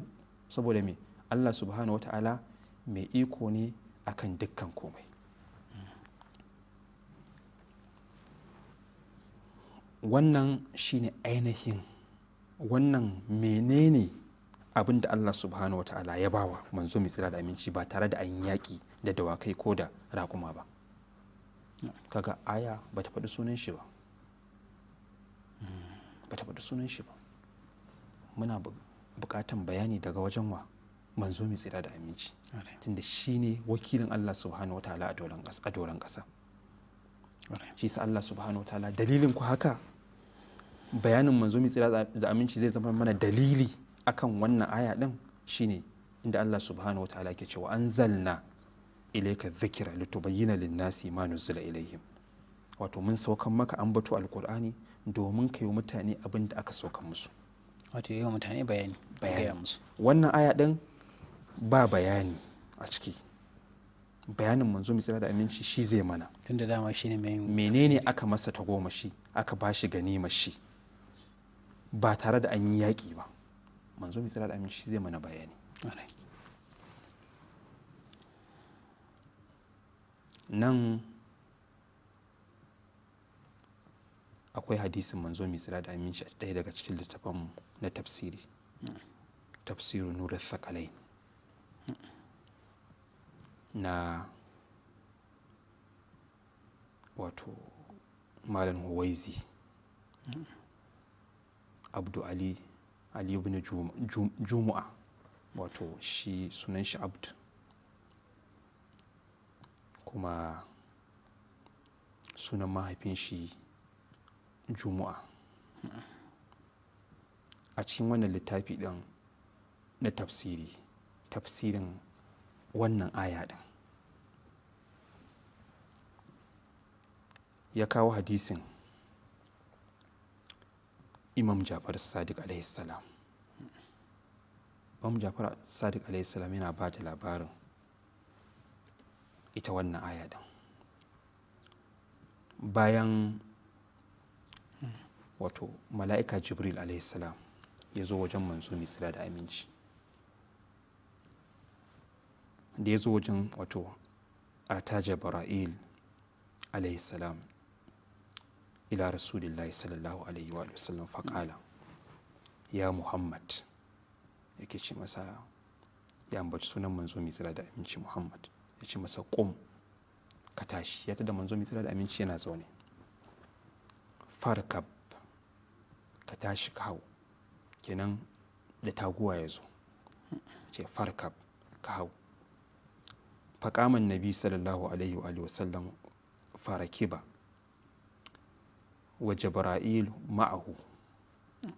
saboda me Allah subhanahu wata'ala mai iko ne akan dukkan komai wannan shine ainihin wannan menene abin da Allah subhanahu wata'ala ya bawa manzo mai tsira da aminci ba tare da an yaƙi da dawakai ko da raƙuma ba kaga aya ba ta faɗi sunan shi ba hmm, ba ta faɗi sunan shi ba muna buƙatan bayani daga wajen wa manzo mai tsira da aminci tunda shi ne wakilin Allah subhanahu wata'ala a doron ƙasa shi sa Allah subhanahu wata'ala dalilin ku haka bayanin manzo mai tsira da aminci zai zama mana dalili akan wannan aya din shine inda Allah subhanahu wa ta'ala ke cewa anzalna ilayka dhikra litubayyana lin-nasi ma nuzila ilayhim wato mun saukan maka ambato alqur'ani domin kai mutane abin da aka saukan musu wato yi mutane bayani bayani musu wannan aya din ba bayani a ciki bayanin manzo mai tsira da aminci shi zai mana tunda dama shi ne mai menene aka masa tagomashi aka bashi ganima shi ba tare da an yi yaƙi ba manzo mai a da aminci zai mana bayani nan akwai hadisin manzo mai da aminci a ɗaya daga cikin littafanmu na tafsiri tafsirin nurar sakalai na wato malam huwaizi abdu ali ali ibn jumu'a wato shi sunan shi abd kuma sunan mahaifin shi jumu'a a cikin wannan littafi ɗin na tafsiri tafsirin wannan aya ɗin ya kawo hadisin imam jafar sadiq salam imam jafar sadiq alaihissalam yana ba da labarin ita wannan aya din bayan wato mala'ika jibril alaihissalam ya zo wajen manzo mai tsira da aminci da ya zo wajen wato ataja bara'il alaihissalam ila rasulillahi sallallahu alaihi wa sallam faƙala ya muhammad yake ce masa ya ambaci sunan manzo mai tsira da aminci muhammad ya ce masa kum ka tashi ya da manzo mai tsira da aminci yana zaune farkab ka tashi ka hau kenan da taguwa ya zo ce farkab ka hau faƙaman nabi sallallahu alaihi wa sallam farakiba wa jabra'ilu ma'ahu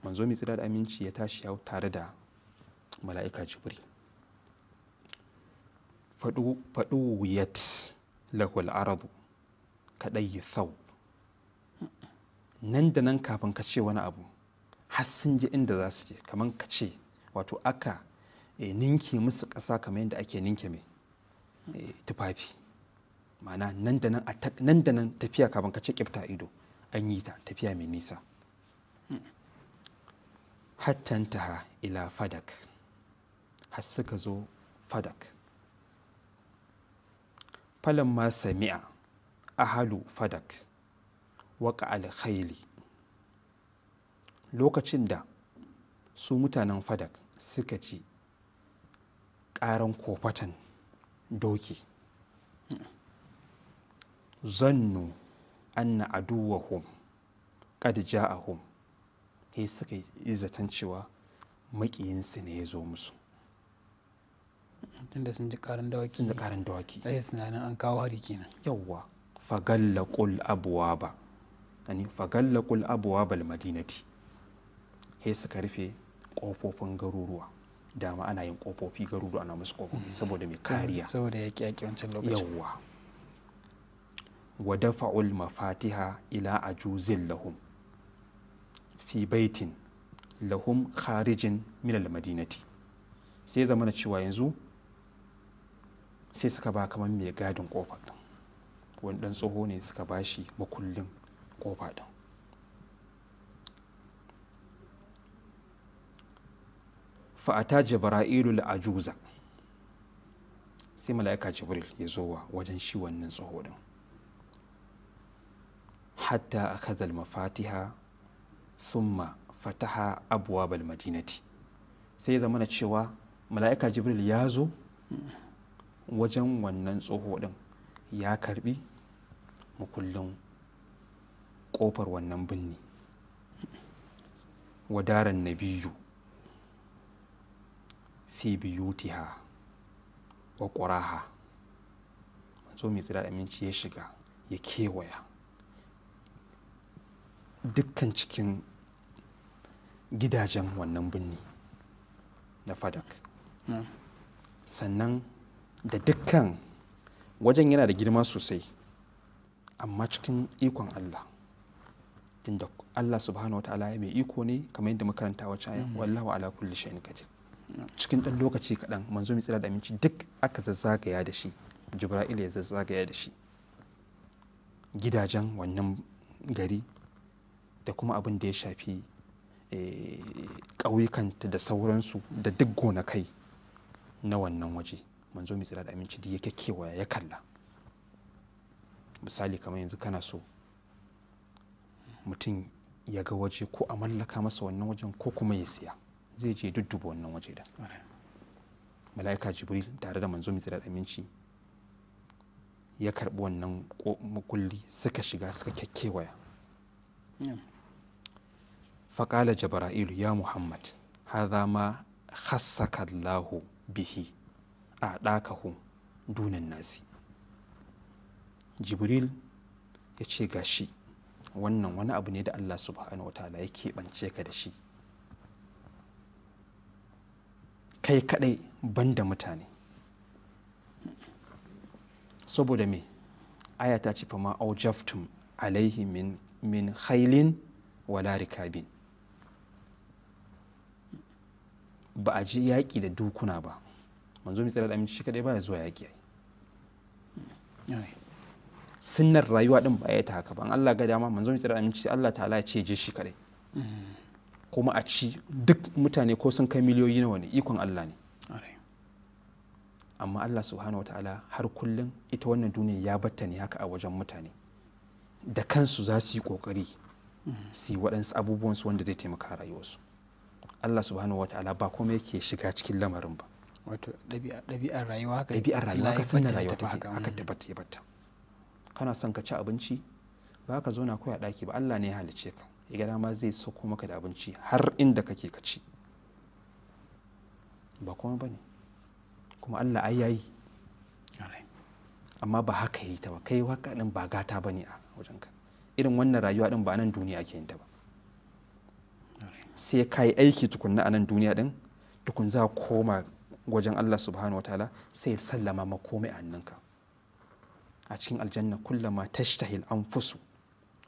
manzo mai tsira da aminci ya tashi hau tare da mala'ika jibril faɗu wuyat lahul arabu kaɗai yi sau nan da nan kafin ka ce wani abu har sun ji inda za su je kamar ka ce wato aka eh, ninke musu ƙasa kamar yadda ake ninke mai eh, tufafi ma'ana nan da nan tafiya kafin ka ce kifta ido an yi ta tafiya mai nisa ta ila fadak har suka zo fadak falamma sami'a ahalu fadak waka alkhaili lokacin da su mutanen fadak suka ci ƙaran kofatan doki zannu anna aduwahum a hum. He suka yi zaton cewa maƙiyinsu ne ya zo musu tunda sun ji karin dawaki sun ji karin dawaki sai tunanin an kawo hari kenan yawwa fagallaqul abwaba yani fagallaqul abwaba almadinati he suka rufe kofofin garuruwa dama ana yin kofofi garuruwa ana musu kofofi mm-hmm. saboda mai kariya saboda yaki yaki wancan lokacin yawwa wa dafa'ul mafatiha ila ajuzin lahum fi baitin lahum kharijin min almadinati sai na cewa yanzu sai suka ba kamar mai gadin kofa ɗin wani ɗan tsoho ne suka ba shi makullin kofa ɗin fa'ata jibra'ilu ajuza sai mala'ika jibril ya zo wa wajen shi wannan tsoho ɗin hatta aka al-mafatiha thumma fataha abuwa madinati sai ya zamana cewa mala'ika jibril ya zo wajen wannan tsoho ɗin ya karbi makullin ƙofar wannan binni wadaran na biyu fi biyutiha wa ƙuraha manzo mai tsira da aminci ya shiga ya kewaya dukkan cikin gidajen wannan binni na fadak hmm. sannan da dukkan wajen yana da girma sosai amma cikin ikon Allah inda Allah subhanahu wa ta'ala ya mai iko ne kamar yadda makaranta wacce aya mm-hmm. wallahu ala kulli shay'in qadir cikin dan lokaci kadan manzo mai tsira da aminci duk aka zazzagaya da shi Jibra'il ya zazzagaya da shi gidajen wannan gari da kuma abin da ya shafi eh, ƙauyukanta da sauransu da duk gonakai na wannan waje manzo mai tsira da aminci duk yake kewaya ya kalla misali kamar yanzu kana so mutum ya ga waje ko a mallaka masa wannan wajen ko kuma ya siya zai je dudduba wannan waje da mala'ika jibril tare da manzo mai tsira da aminci ya karbi wannan mukulli suka shiga suka kyakkewaya faƙala jabrail ya muhammad haza ma khassaka allahu bihi a ɗakahu dunan nasi jibril ya ce ga shi wannan wani abu ne da allah subhanahu wa ta'ala ya keɓance ka da shi kai kaɗai banda mutane saboda me aya ta ce fama aujaftum alaihi min, min khailin wala rikabin ba a ji yaƙi da dukuna ba manzo mai tsira da aminci shi kadai ba ya zuwa yaƙi hmm. sunnar rayuwa din ba ya ta haka ba Allah ga dama manzo mai tsira aminci Allah ta'ala ya ce je shi kadai hmm. kuma a ci duk mutane ko sun kai miliyoyi nawa ne ikon Allah ne amma Allah subhanahu wataala har kullum ita wannan duniya ya batta ne haka a wajen mutane da kansu za su yi kokari hmm. su yi waɗansu abubuwansu wanda zai taimaka rayuwarsu Allah subhanahu wataala ba kuma yake shiga cikin lamarin ba wato ɗabi'ar rayuwa haka ɗabi'ar rayuwa haka sannan rayuwa take haka tabbata ya batta kana son ka ci abinci ba ka zo na koya ɗaki ba Allah ne ya halice ka ya gada ma zai sauko maka da abinci har inda kake ka ci ba kuma ba ne kuma Allah ai yayi amma ba haka yi ta ba kai waka din ba gata ba ne a ka irin wannan rayuwa din ba nan duniya ake yin ta ba sai ka yi aiki tukunna a nan duniya din tukun za koma wajen Allah subhanahu wa ta'ala sai sallama ma komai a hannunka a cikin aljanna kullama tashtahil anfusu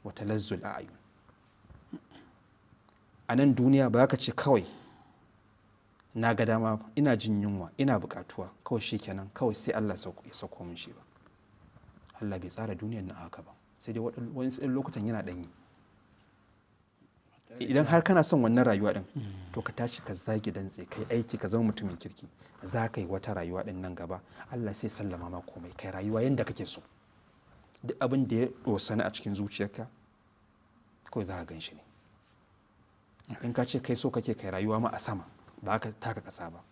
wa talazzul a'yun a nan duniya ba ka ce kawai na ga dama ina jin yunwa ina bukatuwa kawai shikenan kawai sai Allah ya sauko min shi ba Allah bai tsara duniyar na haka ba sai dai wani lokutan yana danyi idan har kana son wannan rayuwa din to ka tashi ka zagi dantse kai aiki ka zama mutumin kirki za ka yi wata rayuwa din nan gaba Allah sai sallama ma komai kai rayuwa yanda kake so duk abin da ya dosana a cikin zuciyarka kawai za ka gan ne in ka ce kai so kake kai rayuwa ma a sama ba ka taka kasa ba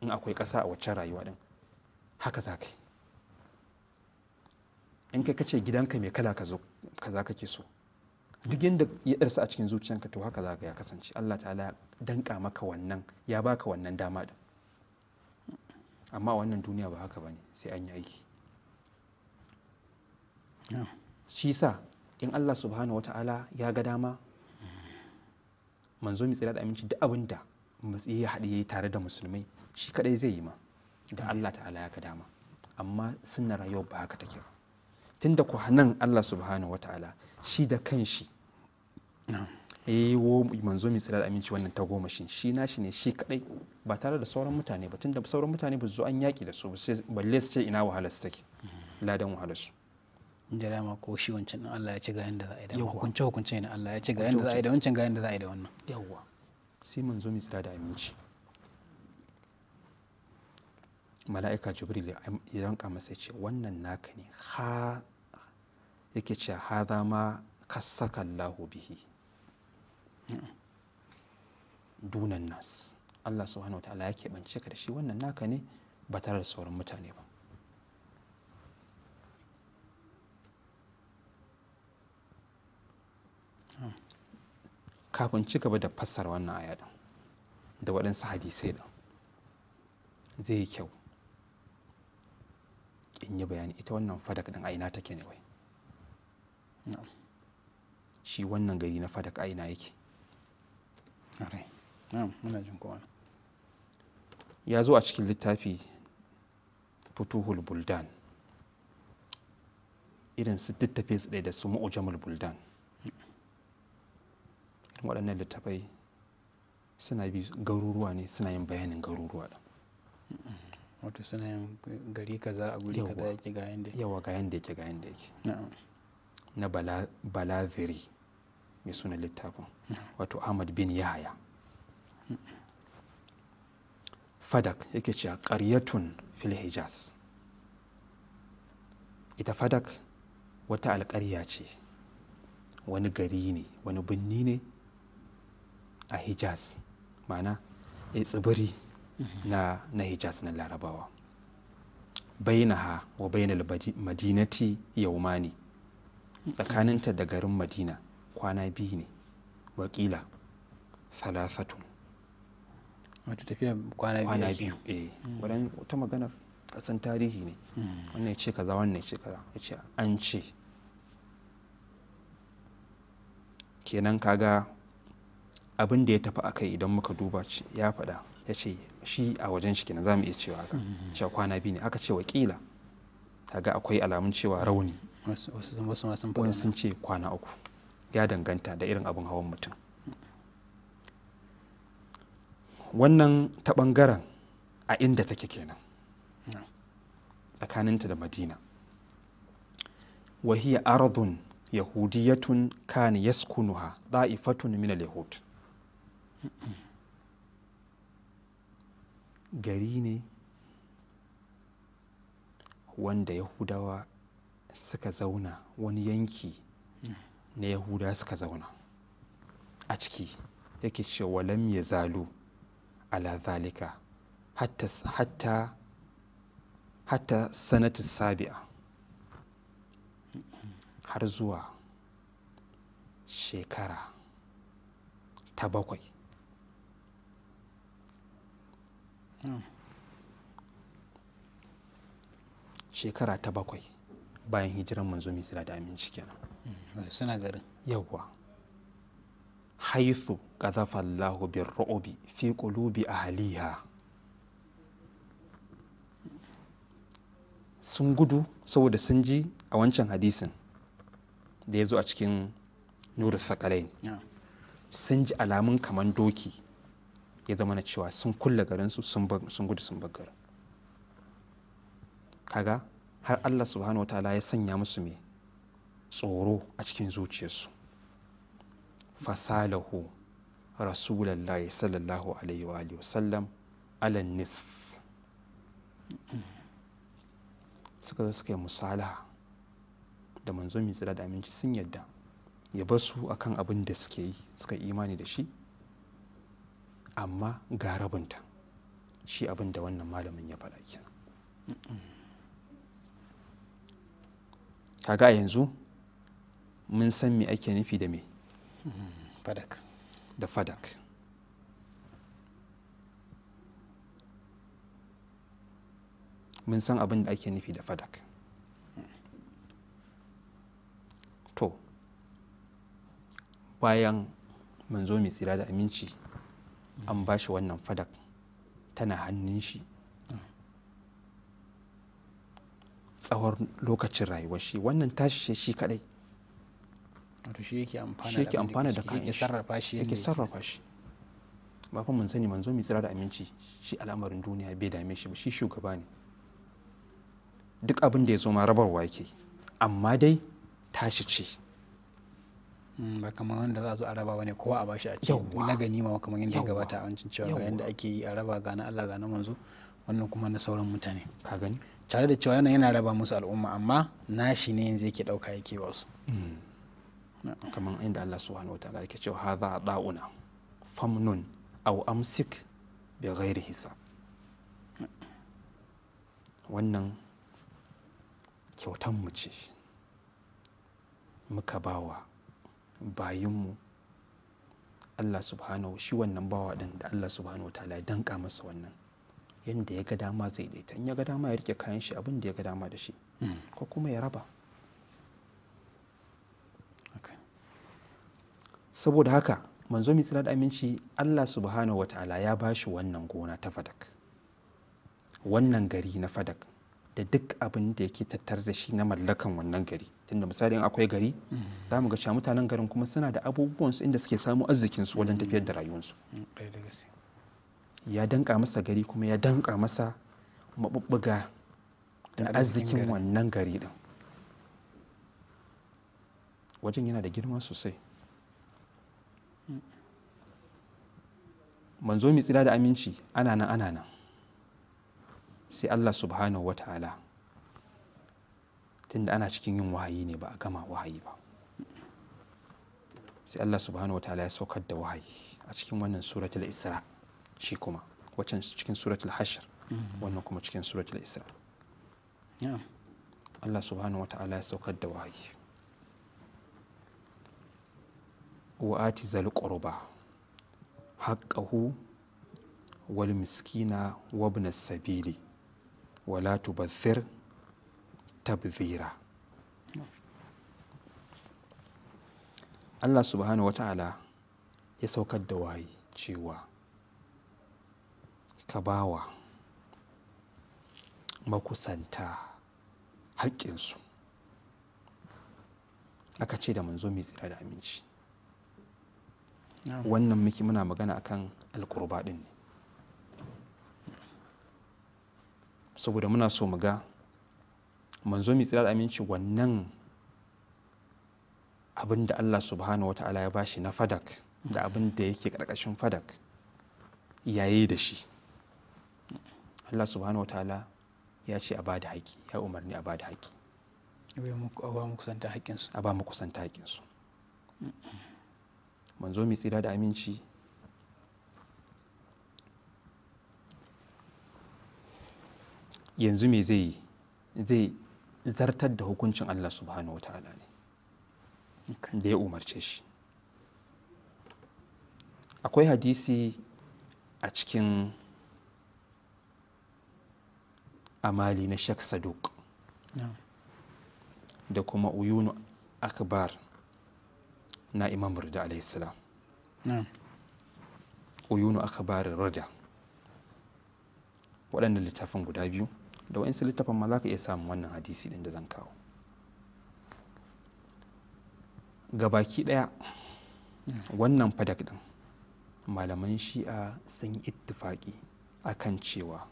in akwai kasa a waccan rayuwa din haka za ka yi in kai ka ce gidanka mai kala ka zo kaza kake so duk yadda ya ɗarsa a cikin zuciyanka to haka za ka ya kasance Allah ta'ala ya danka maka wannan ya baka wannan dama da amma wannan duniya ba haka bane sai an yi aiki shi sa in Allah subhanahu ta'ala ya ga dama manzo mai tsira da aminci duk abin da matsayi ya haɗe ya yi tare da musulmai shi kaɗai zai yi ma da Allah ta'ala ya ga dama amma sunna rayuwa ba haka take ba tunda ku nan Allah subhanahu ta'ala. shi da kanshi E, wo manzo mai tsirar aminci wannan ta goma shi shi nashi ne shi kadai ba tare da sauran mutane ba tunda sauran mutane ba zo an yaki da su balle su ce ina wahalar su take mm-hmm. ladan wahalar su da dama ko shi wancan Allah ya ci ga yanda za a yi da hukunce hukunce ne Allah ya ci ga yanda za a yi da wancan ga yanda za a yi da wannan yawwa sai manzo mai tsira da aminci mala'ika jibril ya ranka masa ce wannan naka ne har. yake ce hada ma kasaka Allahu bihi dunan nas Allah subhanahu wa ta'ala ya keɓance ka da shi wannan naka ne ba tare da sauran mutane ba kafin ci gaba da fassar wannan aya da waɗansu hadisai din zai yi kyau in yi bayani ita wannan fadak din a ina take ne wai shi wannan gari na fadak a ina yake ya zo a cikin littafi futuhul buldan irin su littafi su ɗaya da su ma'ujamul buldan waɗannan littafai suna bi garuruwa ne suna yin bayanin garuruwa ɗan wato suna yin gari kaza a guri kaza yake ga yanda yawa ga yanda yake ga yanda yake na balaziri mai suna littafin wato ahmad bin yahaya fadak yake cewa ƙaryatun fil hijaz ita fadak wata alƙarya ce wani gari ne wani binni ne a hijaz mana ya tsibiri na, na hijaz na larabawa bainaha wa bainal madinati yaumani tsakaninta da garin madina kwana biyu ne wakila salasatu wato tafiya kwana biyu eh wadan ta magana kasan tarihi ne hmm. wannan ya ce kaza wannan ya ce kaza ya ce an ce kenan kaga abin da ya tafi a kai idan muka duba ya faɗa ya ce shi a wajen shi kenan za mu iya cewa haka hmm. cewa kwana biyu ne aka ce wakila kaga akwai alamun cewa rauni wasu masu faɗa sun ce kwana uku ya danganta da irin abin hawan mutum wannan ta ɓangaren a inda take kenan tsakaninta da madina wahiya ardun yahudiyatun kan yaskunuha da'ifatun min al-yahud gari ne wanda yahudawa suka zauna wani yanki na yahuda suka zauna a ciki yake cewa walam ya zalu ala zalika hatta hatta sabi'a har zuwa shekara ta bakwai hmm. shekara ta bakwai bayan hijiran manzo mai da aminci kenan hmm. suna garin yawwa haithu qadhafa Allahu bir-ru'bi fi qulubi ahliha sun gudu saboda sun ji a wancan hadisin da ya zo a cikin nuru sakalain sun ji alamun kaman doki ya zama na cewa sun kulle garinsu sun gudu sun bar garin kaga har allah subhanahu ta'ala ya sanya musu mai tsoro a cikin zuciyarsu fasalahu rasulallah sallallahu alaihi wa sallam ala nisf suka zo suka yi musalaha da manzo mai tsira da aminci sun yadda ya basu su akan abin da suke yi suka imani da shi amma ga rabinta shi abin da wannan malamin ya faɗa kenan kaga a yanzu mun san me ake nufi da me hmm, da fadak mun san abin da ake nufi da fadak to bayan manzo mai tsira da aminci an ba shi wannan fadak tana hannun shi tsawon lokacin rayuwar shi wannan tashi shi kadai shi yake amfana da kayan shi yake sarrafa shi ba fa mun sani manzo mai tsira da aminci shi al'amarin duniya bai dame shi ba shi shugaba ne duk abin da ya zo ma rabarwa yake amma dai tashi ce hmm, ba kamar wanda za a zo a raba bane kowa a bashi a ce na gani ma kamar yadda ya gabata a wancin cewa ga yadda ake yi a raba gana Allah gana manzo wannan kuma na sauran mutane ka gani tare da cewa yana raba musu al'umma amma nashi ne yanzu yake ɗauka yake wasu hmm. kamar inda Allah subhanahu wataala yake cewa hadha da'una famnun aw amsik bi ghairi hisab wannan kyautan mu ce muka bawa bayinmu Allah subhanahu shi wannan bawa din da Allah subhanahu ta'ala ya danka masa wannan yadda ya ga dama zai daita in ya ga dama ya rike kayan shi abin da ya ga dama da shi hmm. ko kuma ya raba saboda haka manzo mai tsira da aminci Allah subhanahu wa ta'ala ya ba shi wannan gona ta fadak wannan gari na fadak da duk abin da yake tattar da shi na mallakan wannan gari tunda misali in akwai gari hmm. za mu ga mutanen garin kuma suna da abubuwansu inda suke samu arzikinsu wajen hmm. tafiyar da rayuwarsu ya danka masa gari kuma ya danka masa maɓuɓɓuga da arzikin wannan gari din wajen yana da girma sosai manzo mai tsira da aminci ana nan ana nan sai allah subhanahu wa ta'ala tunda ana cikin yin wahayi ne ba a gama wahayi ba sai allah subhanahu wa ta'ala ya saukar da wahayi a cikin wannan suratul isra' shi kuma waccan cikin suratul hashir mhm. wannan kuma cikin suratul isra Allah subhanahu wata'ala ya saukar da wahayi wa ati zal qurba haqqahu wal miskina wa ibn sabili wa la tubadhir tabdhira Allah subhanahu wata'ala ya saukar da wahayi cewa ka ba wa makusanta haƙƙinsu aka ce da manzo mai tsira da aminci wannan muke muna magana akan alkurba ɗin ne saboda muna so mu ga manzo mai tsira da aminci wannan abin da allah subhanahu wa ta'ala ya bashi na fadak da abin da yake ƙarƙashin fadak yayi da shi Allah subhanahu wataala ya ce a bada haƙi ya umarni a bada haƙi a ba mu kusanta haƙinsu a manzo mai tsira da aminci yanzu me zai zai zartar da hukuncin Allah subhanahu wa ta'ala ne da ya umarce shi akwai hadisi a cikin amali na shek saduk da kuma uyunu akbar na imam rida alaihissalam uyunu akbarin rida waɗannan littafin guda biyu da waɗansu littafin ma za ka iya samun wannan hadisi ɗin da zan kawo gabaki ɗaya wannan fadak ɗin malaman shi'a sun yi ittifaƙi akan cewa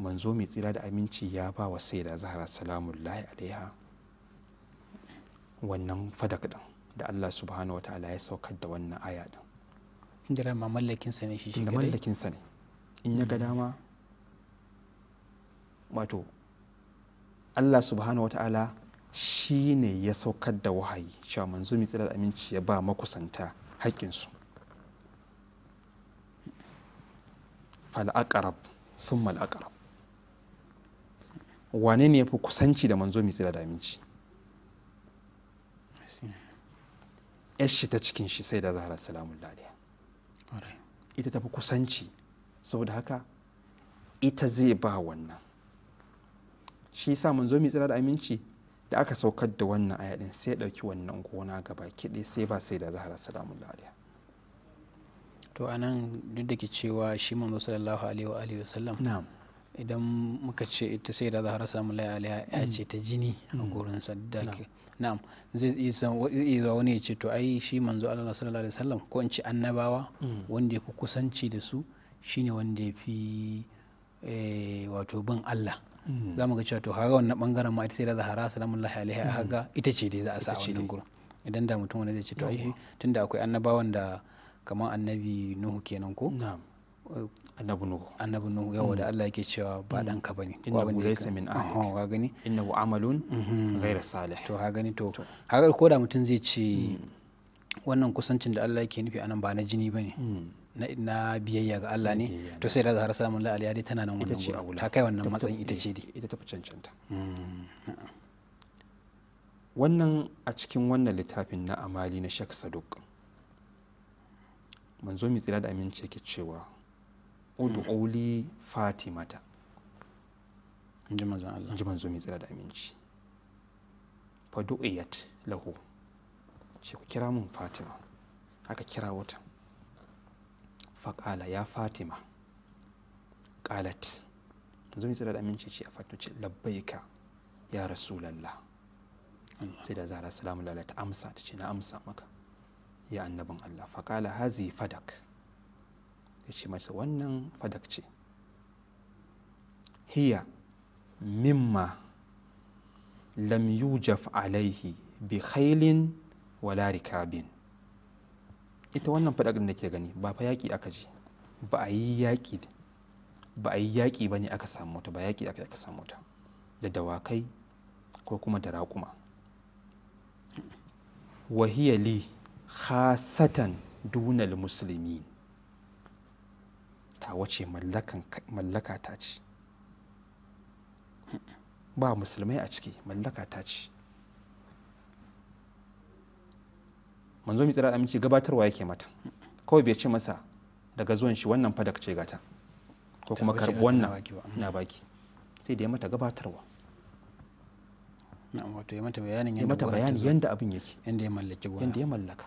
manzo mai tsira da aminci ya ba wa sai da zahara salamullahi alaiha wannan fadak din da Allah subhanahu wa ta'ala ya saukar da wannan aya din inda rama mallakin sa ne shi shi mallakin sa ne in ya ga hmm. dama wato Allah subhanahu wa ta'ala shi ne ya saukar da wahayi cewa manzo mai tsira da aminci ya ba makusanta haƙƙinsu Fal fal'aƙarab sun mal'aƙarab wane ne ya fi kusanci da manzo mai tsira da aminci shi ta cikin shi sai da zahara salamun laliya ita tafi kusanci saboda haka ita zai ba wannan shi sa manzo mai tsira da aminci da aka saukar da wannan ayadin sai ɗauki wannan gona gaba kiɗe sai ba sai da zahara salamun laliya to anan duk da ke cewa shi manzo sallallahu alaihi wa sallam na'am idan muka ce ita sai da zahara samu laye alaiha ya ce ta jini a hmm. gurin sadaki na'am zai iya zuwa wani ya ce to ai shi manzo Allah sallallahu alaihi wasallam ko in ce annabawa hmm. wanda ya fi kusanci da su shine wanda ya fi eh, wato bin Allah hmm. za mu ga cewa to haga wannan bangaren ma ita sai da zahara salamullahi alaiha a haga ita ce dai za a sa a wannan gurin idan da mutum wani zai ce to ai shi tunda akwai annabawan da kamar annabi nuhu kenan ko annabi nuhu annabi nuhu yawa da Allah yake cewa ba mm. dan ka bane inna hu laysa min ahlik ka gani inna hu amalun mm-hmm. ghayra salih to ka gani to haka ko da mutum zai ce mm. wannan kusancin da Allah yake nufi anan ba na jini bane mm. na biyayya ga Allah ne to sai da zahara salamun la alaiha tana nan wannan ta kai wannan matsayin ita ce dai eh, ita ta fi cancanta wannan a cikin wannan littafin na amali na Sheikh Saduk, manzo mai tsira da aminci yake cewa ud'uli mm. fatimata inji manzon manzo mai tsira da aminci fadu'iyat lahu shi ku kira mun fatima aka kira wata faƙala ya fatima ƙalat manzo mai tsira da aminci ce a fatoci ce labbaika ya rasulallah sai da zara salamu lalata amsa ta ce na amsa maka ya annabin Allah faƙala hazi fadak ya ce masa wannan fadakce ce hiya mimma lam yujaf alaihi bi khailin wala rikabin ita wannan fadak da ke gani ba fa yaƙi aka ji ba a yi yaƙi ba a yi yaƙi ba ne aka samu ta ba yaƙi aka aka samu ta da dawakai ko kuma da raƙuma wahiyali khasatan dunal musulmi ta wace mallaka ta ce ba musulmai a ciki mallaka ta ce manzo mai tsira aminci gabatarwa yake mata kawai bai ce masa daga zuwan shi wannan fadak ce gata ko kuma karbi wannan na baki sai da ya mata gabatarwa wato ya mata bayanin yadda abin yake yadda ya mallaka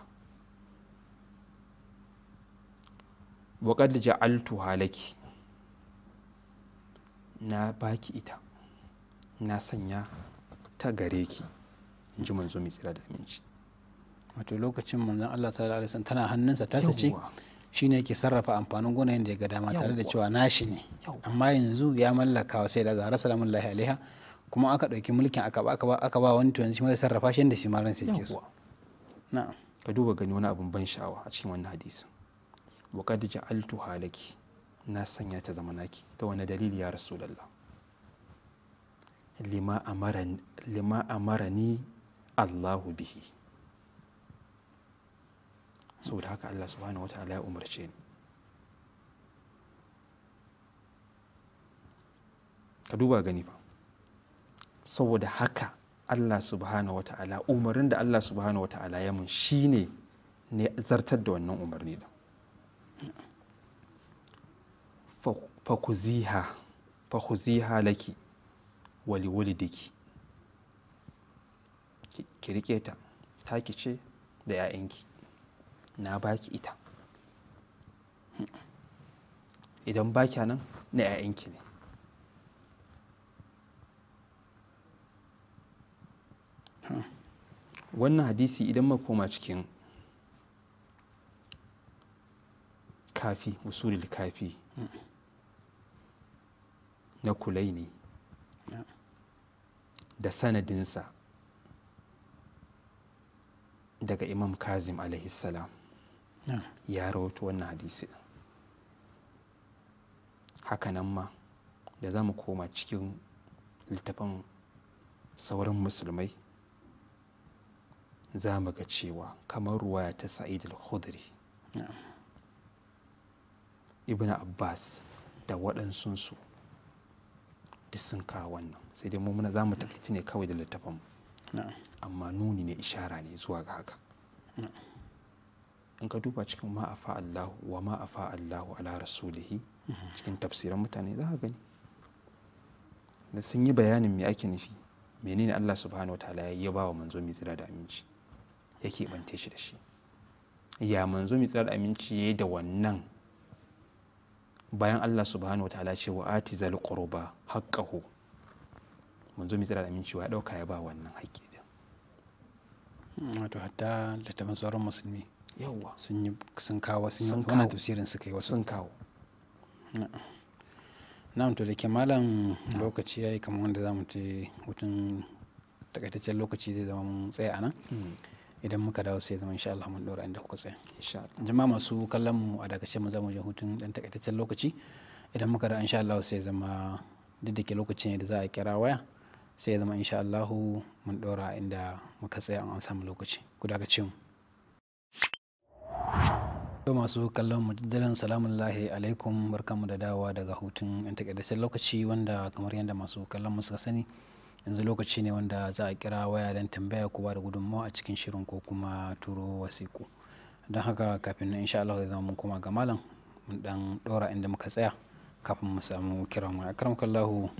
waƙar da ja'altu halaki na baki ita na sanya ta gare ki in ji manzo mai tsira da aminci wato lokacin manzon Allah sallallahu alaihi wasallam tana hannunsa ta sace shine yake sarrafa amfanin gonayen da ya ga dama tare da cewa nashi ne amma yanzu ya mallaka wa sai da zahra lahi alaiha kuma aka ɗauki mulkin aka ba aka ba wani tuwanci shi ma sarrafa shi da shi ma ran sai ke so na'am ka duba gani wani abun ban sha'awa a cikin wannan hadisin wa qad ja'altu halaki na sanya ta zama naki ta wani dalili ya rasulullah lima amara lima ni Allahu bihi saboda haka Allah subhanahu wataala ya umarce ni ka duba gani ba saboda haka Allah subhanahu wata'ala umarin da Allah subhanahu wata'ala ya mun shine ne zartar da wannan umarni da fakuziha laki wali diki ki rike ta taki ce da 'ya'yanki na baki ita idan baki nan na 'ya'yanki ne wannan hadisi idan makoma cikin kafi usulul kafi na kulaini da sanadinsa daga imam kazim salam ya rawato wannan hadisi hakanan ma da za mu koma cikin littafin sauran musulmai za mu ga cewa kamar ruwaya ta sa'id al-khudri ibn abbas da waɗansunsu su sun kawo wannan sai dai muna za mu takaici ne kawai da littafin amma nuni ne ishara ne zuwa ga haka in ka duba cikin ma'afa allahu wa ma'afa allahu ala rasulihi mhm. cikin tafsiran mutane za ka gani da sun yi bayanin me ake nufi menene allah subhanahu ta'ala ya ba wa manzo mai tsira da aminci ya keɓante shi da shi ya manzo mai tsira da aminci ya yi da wannan bayan Allah subhanahu wataala ce wa ati zal qurba haqqahu manzo mai tsara aminci ya dauka ya ba wannan haƙƙi din hmm, wato hatta littafin sauran musulmi yawa sun yi sun kawo sun yi wannan tafsirin suka yi wasu sun kawo hmm. na'am to da ke malam lokaci yayi kamar wanda zamu ce hutun takaitaccen lokaci zai zama mun tsaya anan hmm. idan muka dawo sai zama insha Allah mun dora inda kuka tsaya insha Allah jama'a masu kallon mu a dakace mu zamu je hutun dan takaitaccen lokaci idan muka da insha Allah sai zama duk da lokacin da za a kira waya sai zama insha Allah mun dora inda muka tsaya an samu lokaci ku dakace mu Yau masu kallon mu diddalin salamun lahi alaikum barkamu da dawa daga hutun yan takaitaccen lokaci wanda kamar yadda masu kallon mu suka sani yanzu lokaci ne wanda za a kira waya don tambaya ko ba da gudunmawa a cikin shirin ko kuma turo wasiku don haka kafin nan insha Allah zai zama mun koma ga malam mun dan dora inda muka tsaya kafin mu samu kiran waya akram kallahu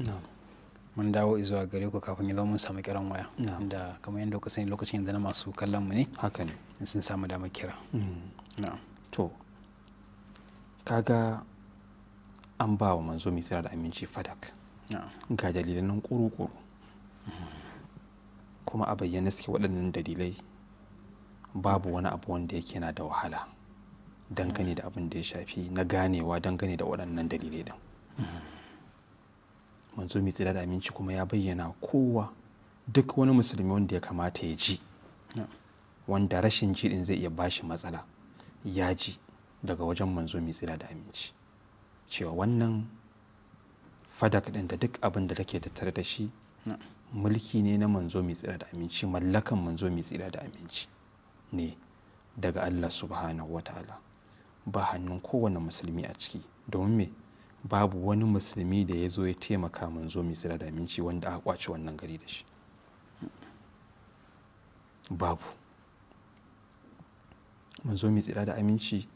mun dawo izuwa gare ku kafin ya zama mun samu kiran waya da kamar yadda kuka sani lokacin yanzu na masu kallon mu ne haka ne in sun samu damar kira hmm. to kaga an ba wa manzo mai da aminci fadak ga dalilan nan kuru-kuru kuma a bayyane suke waɗannan dalilai babu wani abu wanda yake na da wahala dangane da abin da ya shafi na ganewa dangane da waɗannan dalilai din manzo mai tsira da aminci kuma ya bayyana kowa duk wani musulmi wanda ya kamata ya ji wanda rashin ji zai iya bashi matsala ya ji daga wajen manzo mai tsira da aminci cewa wannan fadak ɗin da duk abin da take tattare da shi mulki ne na manzo mai tsira da aminci mallakan manzo mai tsira da aminci ne daga Allah subhanahu wataala ba hannun kowane musulmi a ciki domin me babu wani musulmi da ya zo ya taimaka manzo mai tsira da aminci wanda aka kwace wannan gari da shi babu manzo mai tsira da aminci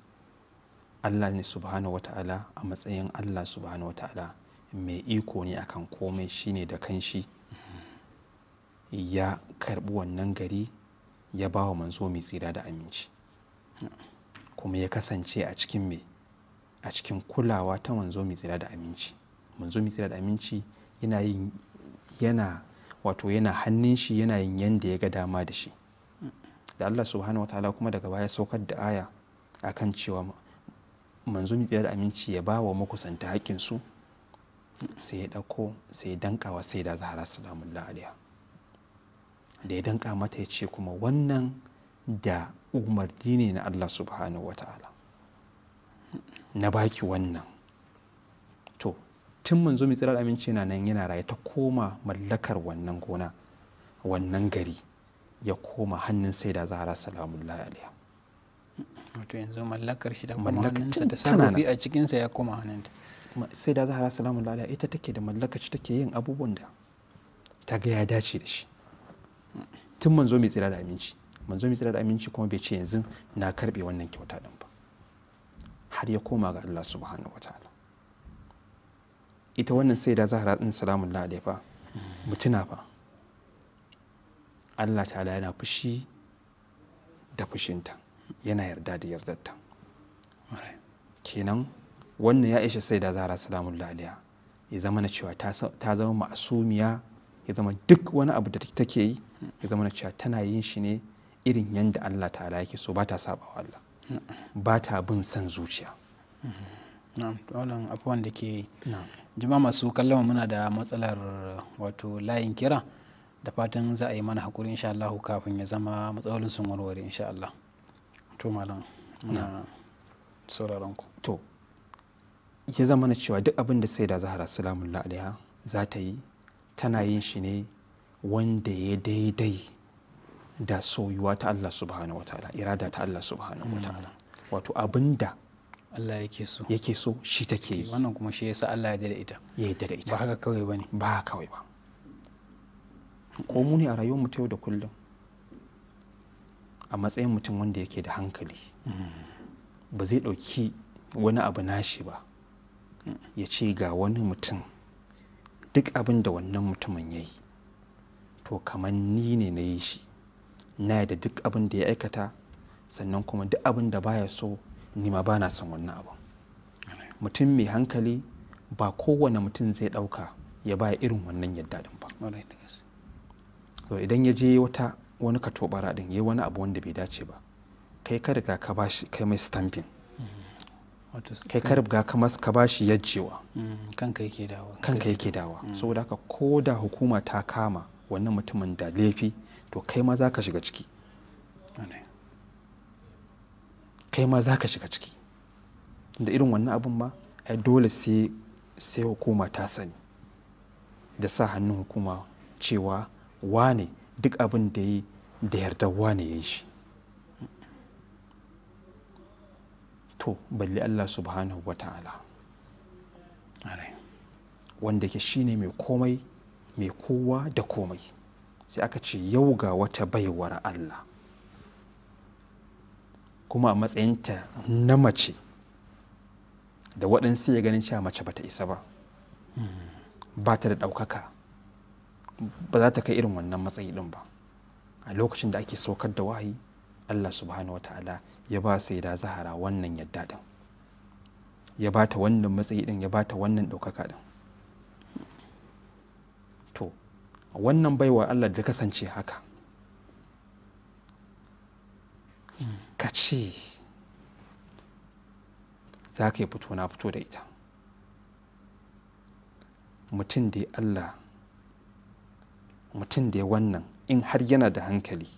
Allah ne subhanahu wataala a matsayin Allah subhanahu wataala mai iko ne akan komai shine da kanshi ya karbi wannan gari ya ba wa manzo mai tsira da aminci kuma ya kasance a cikin mai a cikin kulawa ta manzo mai tsira da aminci manzo mai tsira da aminci yana yin yana wato yana hannun shi yana yin yanda ya ga dama da shi da Allah subhanahu wa kuma daga baya saukar da aya akan cewa manzo mai tsira da aminci ya ba wa makusanta haƙƙinsu sai ya ɗauko sai ya dankawa sai da zahara salamun alaiha da ya danka mata ya ce kuma wannan da umarni ne na Allah subhanahu wa ta'ala na baki wannan to tun manzo mai tsirar aminci na nan yana raye ta koma mallakar wannan gona wannan gari ya koma hannun sai da zahara salamullahi alaiha wato yanzu mallakar shi da kuma hannunsa da sarrafi a cikinsa ya koma hannunta sai da zahara salamullahi alaiha ita take da mallakar shi take yin abubuwan da ta ga ya dace da shi tun manzo mai tsira da aminci manzo mai tsira da aminci kuma bai ce yanzu na karbe wannan kyauta din ba har ya koma ga Allah subhanahu wataala ita wannan sai da zahra din salamun la fa mutuna fa Allah ta'ala yana fushi da fushinta yana yarda da yardarta kenan wannan ya isha sai da zahra salamun la ya zama na cewa ta zama ma'asumiya ya zama duk wani abu da take yi ya zama cewa tana yin shi ne irin yadda Allah ta'ala yake so ba ta saba wa Allah ba ta bin son zuciya mm-hmm. abubuwan da ke jima masu kallon muna da matsalar wato layin kira da fatan za a yi mana haƙuri insha Allah kafin ya zama matsalolin sun warware insha Allah to malam muna sauraron ku to ya zama na cewa duk abin da sai da zahara salamun alaiha za ta yi tana yin shi ne wanda ya daidai da soyuwa ta Allah subhanahu wataala irada ta Allah subhanahu wataala hmm. wato abinda Allah yake so yake so shi take yi wannan kuma shi yasa Allah ya da ita ya da ita ba haka kawai bane ba kawai ba ko mu ne a rayuwar mu ta yau da kullum a matsayin mutum wanda yake da hankali hmm. ba zai ɗauki wani abu nashi ba hmm. ya ce ga wani mutum duk abin da wannan mutumin ya yi to kamar ni ne na yi shi na da duk abin da ya aikata sannan kuma duk abin da baya so ni ma bana son wannan abin mutum mai hankali ba kowane mutum zai ɗauka ya baya irin wannan yadda din ba to idan ya je wata wani tobara din ya wani abu wanda bai dace ba kai ka riga ka bashi kai mai stamping mm-hmm. kai ka riga ka bashi yajjewa mm, kanka yake dawa kanka yake dawa mm. saboda haka ko da hukuma ta kama wannan mutumin da laifi to kai ma za ka shiga ciki kai ma za ka shiga ciki da irin wannan abin ma ai dole sai hukuma ta sani da sa hannun hukuma cewa wane duk abin da yi da yarda wane ya yi shi to balli allah subhanahu wa ta'ala wanda ke shine mai komai mai kowa da komai sai aka ce yau ga wata baiwar Allah kuma a matsayinta na mace da waɗansu ya ganin cewa mace bata isa ba ba ta da ɗaukaka ba za ta kai irin wannan matsayi ɗin ba a lokacin da ake saukar da wahayi Allah subhanahu wa ta'ala ya ba sai da zahara wannan yadda ɗin ya ba ta wannan matsayi ɗin ya ba ta wannan ɗaukaka ɗin wannan baiwa Allah da kasance haka ka ce za ka yi fito na fito da ita mutum da Allah mutum da wannan in har yana da hankali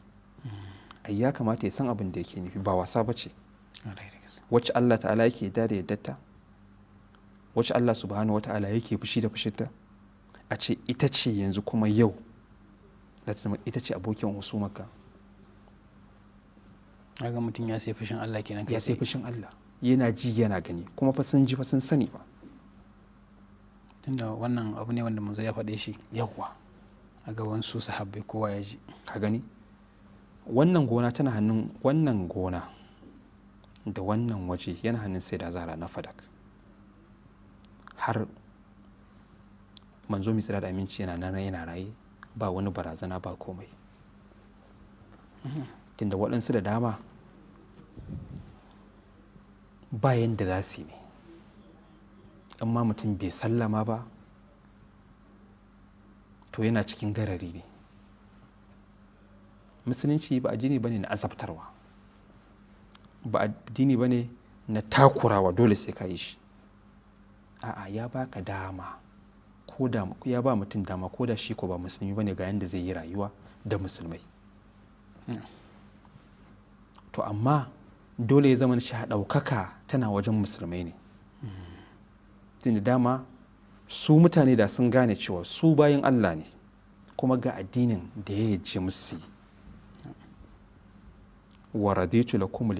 ai ya kamata ya san abin da yake nufi ba wasa ba ce wacce Allah ta'ala yake da da yaddata wacce Allah subhanahu wa ta'ala yake fushi da fushinta a ce ita ce yanzu kuma yau za ta ita ce abokin husumarka ga mutum ya sai fushin Allah kenan ya sai fushin Allah yana ji yana gani kuma fa sun ji fa sun sani ba tunda wannan abu ne wanda manzo ya faɗe shi yawwa a gaban su sahabbai kowa ya ji ka gani wannan gona tana hannun wannan gona da wannan waje yana hannun sai da zara na fadak har manzo mai tsira da aminci yana nan yana raye ba wani barazana ba komai tunda waɗansu da dama bayan da za su yi ne amma mutum bai sallama ba to yana cikin garari ne musulunci ba addini ba ne na azabtarwa ba addini ba ne na takurawa dole sai ka yi shi a'a ya baka dama ko ya ba mutum dama ko da shi ko ba musulmi bane ga yadda zai yi rayuwa da musulmai to amma dole ya zama shi ɗaukaka tana wajen musulmai ne da dama su mutane da sun gane cewa su bayan allah ne kuma ga addinin da ya yi musu wa raditu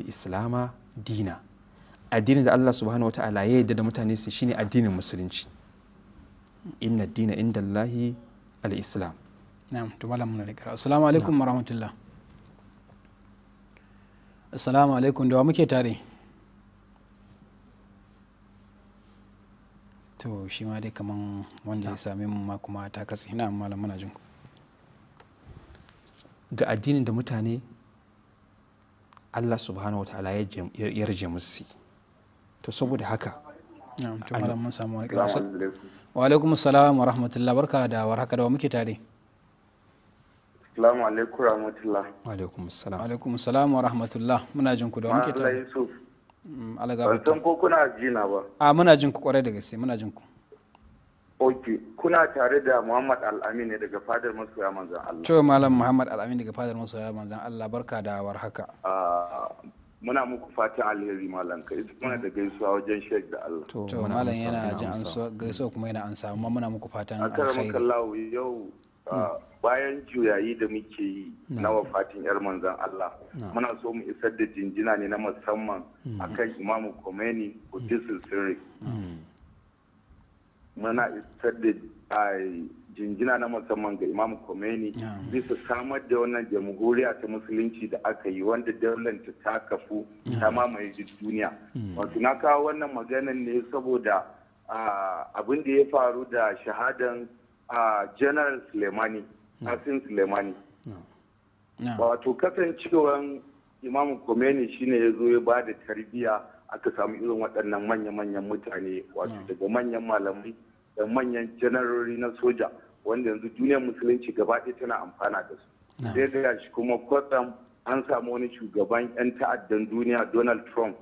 islama dina addinin da allah subhanahu wa ta'ala ya yadda da mutane su shine addinin musulunci inna dina inda Allahi al-islam na'am to malam mun rikira assalamu alaikum wa rahmatullah assalamu alaikum da wa muke tare to shi ma dai kaman wanda ya same mu ma kuma ta katse na'am malam muna jin ku ga addinin da mutane Allah subhanahu wataala ya rage musu to saboda haka mun samu wani wa alaikum salam wa rahmatullah barka da warhaka da muke tare Assalamu alaikum rahmatullah. Wa alaikum salam. Alaikum salam wa rahmatullah. Muna jin ku da muke tare. Mm, Allah Yusuf. Allah ko kuna jina ba. A ah, muna jin ku kwarai da gaske, muna jin ku. Ok, kuna tare da Muhammad Al-Amin ne daga fadar masoya manzan Allah. Cewa Malam Muhammad Al-Amin daga fadar masoya manzan Allah barka da warhaka. Ah, muna muku fatan alheri malam ka ita muna da gaisuwa wajen shek da Allah to malam yana jin an gaisuwa kuma yana an samu amma muna muku fatan alheri akaramakallahu yau hmm. ah, bayan juyayi da muke yi hmm. na wafatin yar manzan Allah hmm. muna so mu isar da jinjina ne na musamman akan Imam Khomeini Qudusul Sirri muna isar da jinjina na musamman ga imam Khomeini bisa samar da wannan jamhuriya ta musulunci da aka yi wanda daular ta kafu ta mamaye duniya hmm. wato na kawo wannan maganan ne saboda abin da ya faru da shahadan general sulemani hasin hmm. sulemani wato kasancewan imam Khomeini shine ya zo ya bada da tarbiyya aka samu irin waɗannan manya-manyan mutane wato daga manyan malamai da manyan janarori na soja wanda yanzu duniyar musulunci gaba ɗaya tana amfana da su sai ya shi kuma kwatsam an samu wani shugaban 'yan ta'addan duniya donald trump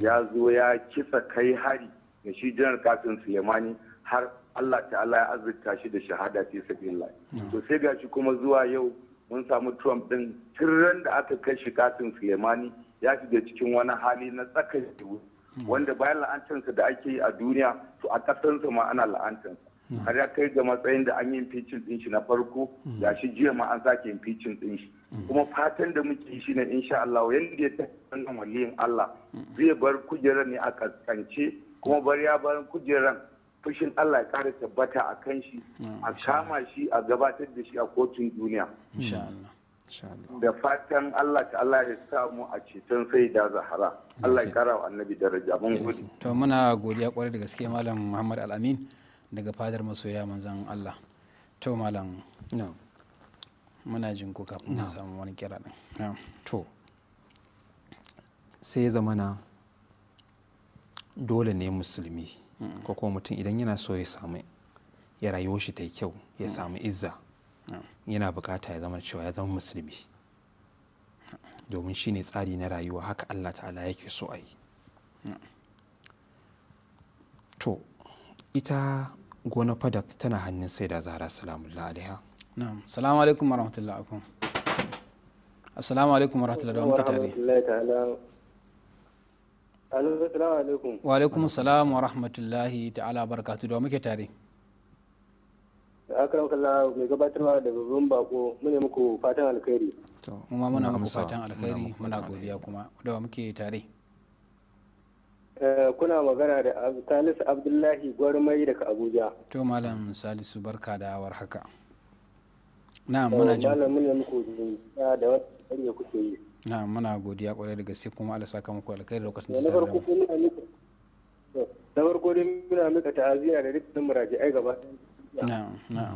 ya zo ya kisa kai hari da shi janar kasim sulemani har allah ta'ala ya azurta shi da shahada fi lai. to sai ga shi kuma zuwa yau mun samu trump din tirren da aka kai shi kasim sulemani ya shiga cikin wani hali na tsakar wanda bayan la'antarsa da ake yi a duniya to a ƙasarsa ma ana la'antarsa har ya kai ga matsayin da an yi impeachment din shi na farko ya mm. shi jiya ma an sake impeachment din shi mm. kuma fatan da muke shi ne insha Allah yanda ya wannan waliyin Allah mm. zai bar kujerar ne a kaskance kuma bar ya bar kujerar fushin Allah ya kara tabbata a kan shi a kama shi a gabatar da shi a kotun duniya da fatan Allah ta Allah ya sa mu a cikin sai da zahara Allah ya kara wa annabi daraja mun gode to muna godiya kwarai da gaske malam Muhammad Al-Amin daga fadar masoya manzan Allah to malam no muna jin kuka mun samu wani kira din to sai ya zamana dole ne musulmi mm. ko kuma mutum idan yana so ya samu ya rayuwa shi ta kyau ya mm. samu izza yana bukata ya zama cewa ya zama musulmi domin shi ne tsari na rayuwa haka allah ta'ala yake so a yi to ita gona fadak tana hannun sai da zara salamullahi alaiha na'am salamu alaikum wa rahmatullahi warahmatullahi alaikum assalamu alaikum warahmatullahi da muke tare wa alaikum salam wa rahmatullahi ta'ala barakatu da muke tare da aka kalla mai gabatarwa da babban bako mune muku fatan alkhairi to mu ma muna muku fatan alkhairi muna godiya kuma da muke tare Eh, kuna magana da Salisu Abdullahi Gwarmai daga Abuja. To Malam Salisu barka da war haka. Na muna jin. Eh, Malam mun muku da wata kuke yi. Na muna godiya kwarai da gaske kuma Allah saka muku alkhairi lokacin da ta eh, Na farko dai muna mika ta'aziyya da dukkan muraji'ai gaba. Na na.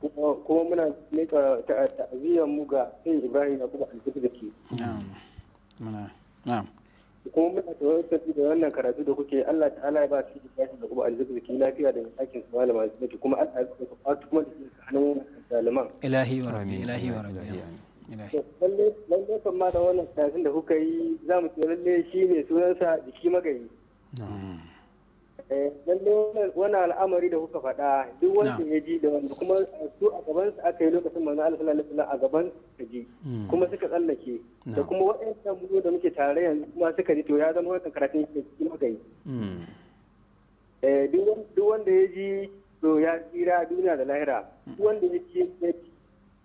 Kuma muna mika ta'aziyyar mu ga Ibrahim Yakubu Alkitiki. Na'am. Na. kuma muna ta wani tafi da wannan karatu da kuke Allah ta ala ba shi da shi da kuma arziki lafiya da aikin su malama su kuma Allah ya kuma kuma da shi hannun zaliman ilahi wa rabbi ilahi wa rabbi lalle lalle kan ma da wannan tafin da kuka yi za mu ce lalle shi ne sunansa jiki magayi Eh, wani al'amari da kuka faɗa duk wanda ya ji da wanda kuma su a gaban su aka yi lokacin manzo Allah sallallahu alaihi a gaban su ji hmm. kuma suka tsallake da kuma waɗannan mu da muke tare yanzu kuma suka ji to ya zama wancan karatun ke cikin muka yi hmm. eh, duk wanda ya ji to ya tsira duniya da lahira duk wanda ya ci. ya ci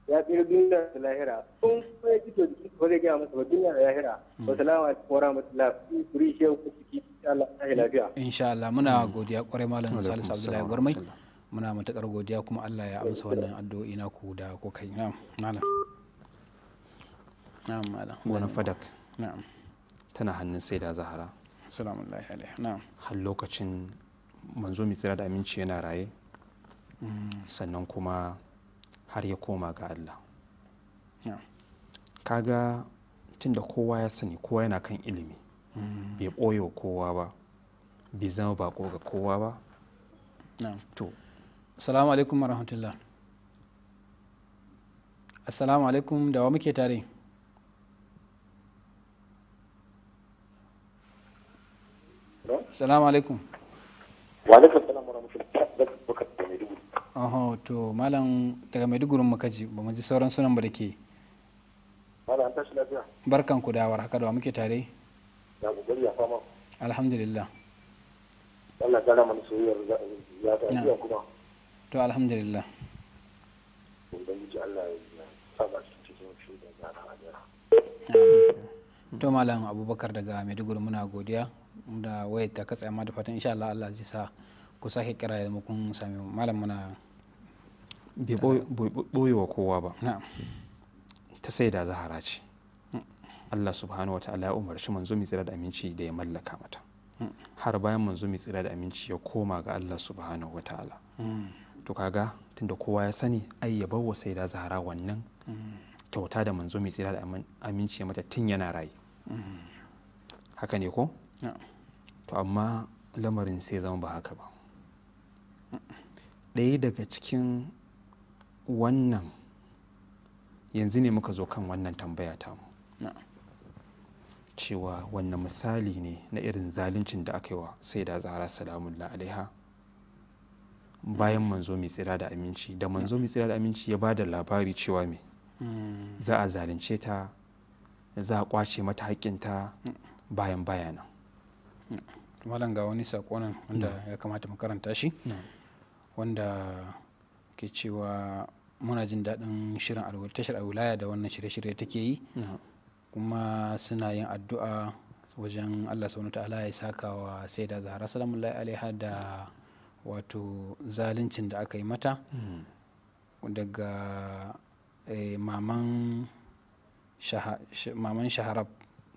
ya tsira duniya da lahira sun kuma ya fito jiki ko zai gaya masa ba duniya da lahira ba hmm. wa salamu alaikum wa rahmatullahi kuri shehu ku ciki Allah ya lafiya insha Allah muna hmm. godiya kwarai malam Salisu Abdullahi Gwarmai muna matakar godiya kuma Allah ya amsa wannan addu'o'i na ku da ku kai na'am malam na'am malam wani fadak na'am tana hannun sai da zahara salamu alaihi alaihi na'am har lokacin manzo mai tsira da aminci yana raye hmm. sannan kuma har ya koma ga Allah kaga da kowa ya sani kowa yana kan ilimi mm. bai ɓoye wa kowa ba bai zama bako ga kowa ba to assalamu alaikum warahmatullah assalamu alaikum da wa muke tare assalamu alaikum wa alaikum Aho to malam daga Maiduguri muka ji ba mu ji sauran sunan ba da ke. Malam tashi lafiya. Barkan ku da war haka da muke tare. Da gari ya fama. Alhamdulillah. Allah ta rama soyayyar ya ta iya kuma. To alhamdulillah. Ubangiji Allah ya saba shi cikin shi da zara hajara. To malam Abubakar daga Maiduguri muna godiya da wayar ta katsa amma da fatan insha Allah Allah zai sa ku sake kira da mu kun sami malam muna bai ɓoye wa kowa ba ta sai da zahara ce Allah subhanahu wa ta'ala ya umarci manzo mai tsira da aminci da ya mallaka mata har bayan manzo mai tsira da aminci ya koma ga Allah subhanahu wa ta'ala to kaga tunda kowa ya sani ai ya bawa sai da zahara wannan kyauta da manzo mai tsira da aminci mata tun yana rayu haka ne ko to amma lamarin sai zama ba haka ba ɗaya daga cikin wannan yanzu ne muka zo kan wannan tambaya ta mu cewa wannan misali ne na irin zaluncin da aka yi wa sai da zahara salamun alaiha bayan manzo mai tsira da aminci da manzo mai tsira da aminci ya ba da labari cewa me hmm. za a zalunce ta za a kwace mata haƙƙinta hmm. bayan bayana. Hmm. malam ga wani saƙo nan wanda ya kamata makaranta shi wanda ke cewa muna jin daɗin shirin tashar alwilaya da wannan shirye-shirye take yi kuma suna yin addu'a wajen allah saunu ta'ala ya saka wa sai da zahara salamullahi alaiha da wato zaluncin da aka yi mata hmm. daga eh, maman shaharab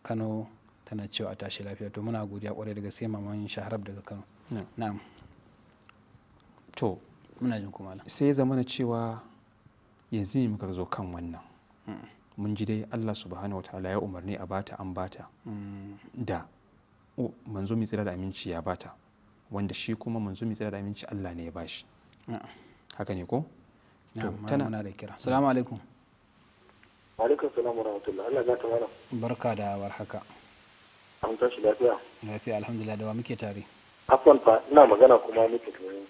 kano tana cewa a tashi lafiya to muna godiya kwarai daga sai maman shaharab daga kano na'am to muna jin kuma sai ya zama cewa yanzu ne muka zo kan wannan mun ji dai Allah subhanahu wa ta'ala ya umarni a bata an bata da manzo mai tsira da aminci ya bata wanda shi kuma manzo mai tsira da aminci Allah ne ya bashi haka ne ko to tana muna da kira salamu alaikum wa alaikum salam wa rahmatullah Allah ya mara barka da warhaka an tashi lafiya lafiya alhamdulillah da wa muke tare afwan fa ina magana kuma muke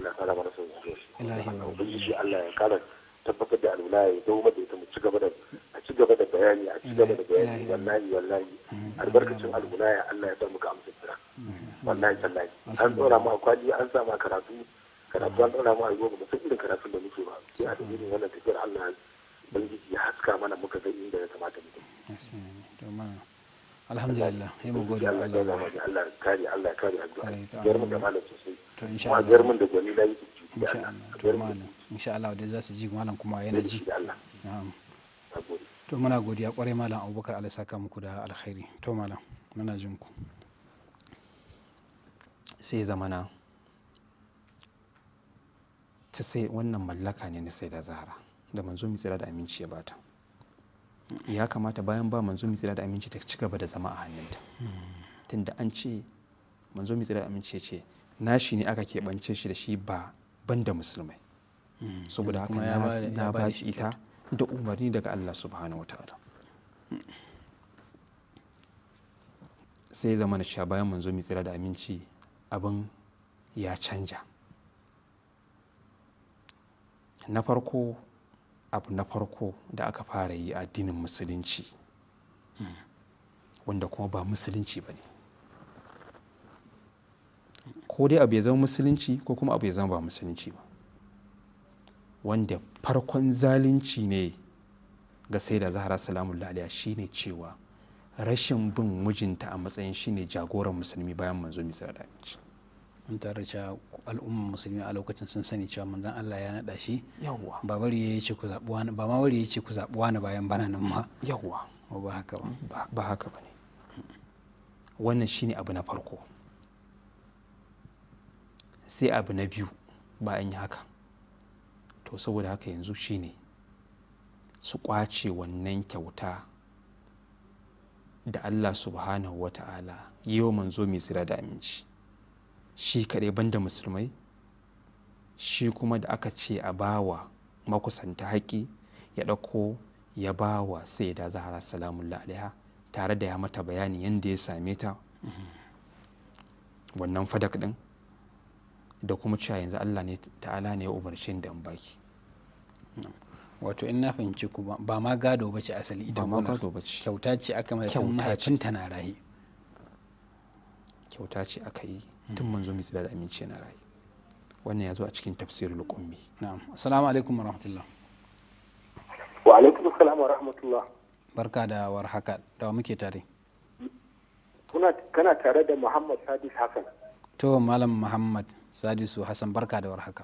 ina kara mana Allah ya kara tabbatar da alwilaya ya dawo ita mu ci gaba da a ci gaba da bayani a ci gaba da bayani wallahi wallahi albarkacin alwilaya Allah ya sa amsa kira wallahi an tsora mu akwali an sa ma karatu karatu an tsora mu a irin da muke ba wannan tafiyar Allah ubangiji ya haska mana muka ga inda ya kamata mu alhamdulillah mu gode Allah Allah kare Allah kare to insha Allah da gwani na yi insha Allah to insha Allah da za su ji malam kuma yana ji to muna godiya kwarai malam Abubakar Allah saka muku da alkhairi to malam muna jin ku sai zamana ta sai wannan mallaka ne na sai da zara da manzo mai tsira da aminci ya bata ya kamata bayan ba manzo mai tsira da aminci ta ci gaba da zama a hannunta hmm. tunda an ce manzo mai tsira da aminci ya ce nashi ne aka keɓance shi da shi ba banda musulmai hmm. saboda haka na ba shi ita da umarni daga Allah subhanahu wa ta'ala sai zama na cewa bayan manzo mai tsira da aminci abin ya canja na farko abu na farko da aka fara yi a addinin musulunci hmm. wanda kuma ba musulunci ba ne ko dai abu ya zama musulunci ko kuma abu ya zama ba musulunci ba wanda farkon zalunci ne ga sai da zahara salamun laliya ne cewa rashin bin mijinta a matsayin shi ne jagoran musulmi bayan manzo mai da aminci in tare cewa al'umman musulmi a lokacin sun sani cewa manzan Allah ya naɗa shi Yawwa! ba bari ya ce ku zaɓi wani ba ma bari ya ce ku zaɓi wani bayan bana nan ma Yawwa! ba haka ba ba haka shi wannan abu na farko sai abu na biyu bayan yi haka to saboda haka yanzu shine su kwace wannan kyauta da Allah subhanahu wa ta'ala yi wa manzo mai tsira da aminci shi kaɗai banda musulmai shi kuma da aka ce a bawa makusanta haƙi ya ɗauko ya bawa sai da zahara salamun alaiha tare da ya mata bayani yadda ya same ta mm-hmm. wannan fadak ɗin da kuma cewa yanzu Allah ne ta'ala ne ya umarci da baki wato in na fahimci ku ba ma gado ba ce asali ita gonar kyauta ce aka mai tun ta na rayu kyauta ce aka yi tun manzo mai tsira da amince na rayu wannan ya zo a cikin tafsirin lukumi na'am assalamu alaikum wa rahmatullah wa alaikum assalam wa rahmatullah barka da warhaka da muke tare kana tare da Muhammad Sadis Hassan to malam Muhammad sadisu hassan barka da warhaka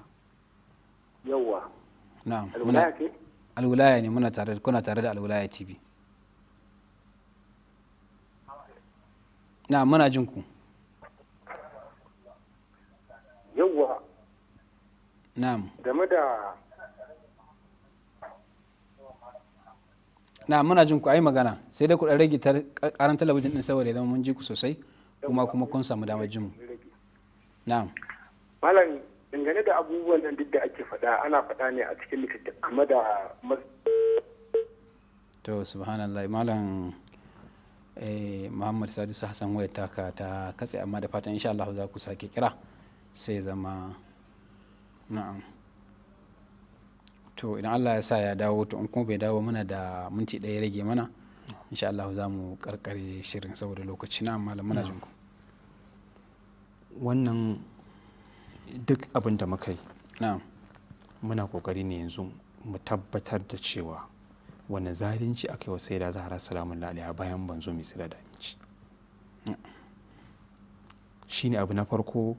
yawwa na'am alwilaya ke ne muna tare kuna tare da alwulaya tv na'am muna jin ku yawwa na'am game da na muna jin ku ai magana sai dai ku dan rage karan talabijin din saboda idan mun ji ku sosai kuma kuma kun samu damar jin mu na'am malam dangane da abubuwan nan duk da ake faɗa ana faɗa ne a cikin littattafai da to subhanallah malam eh, muhammad sadisu hassan wayar taka ta katse amma da fatan insha Allah za ku sake kira sai zama na'am to idan Allah ya sa ya dawo to in kuma bai dawo mana da minti ɗaya rage mana insha Allah za mu karkare shirin saboda lokaci na malam muna jinku wannan duk abin da muka yi muna kokari ne yanzu mu tabbatar da cewa wani zalunci aka yi wa sai da zahara salamun laliya bayan ban zo mai da aminci shi ne abu na farko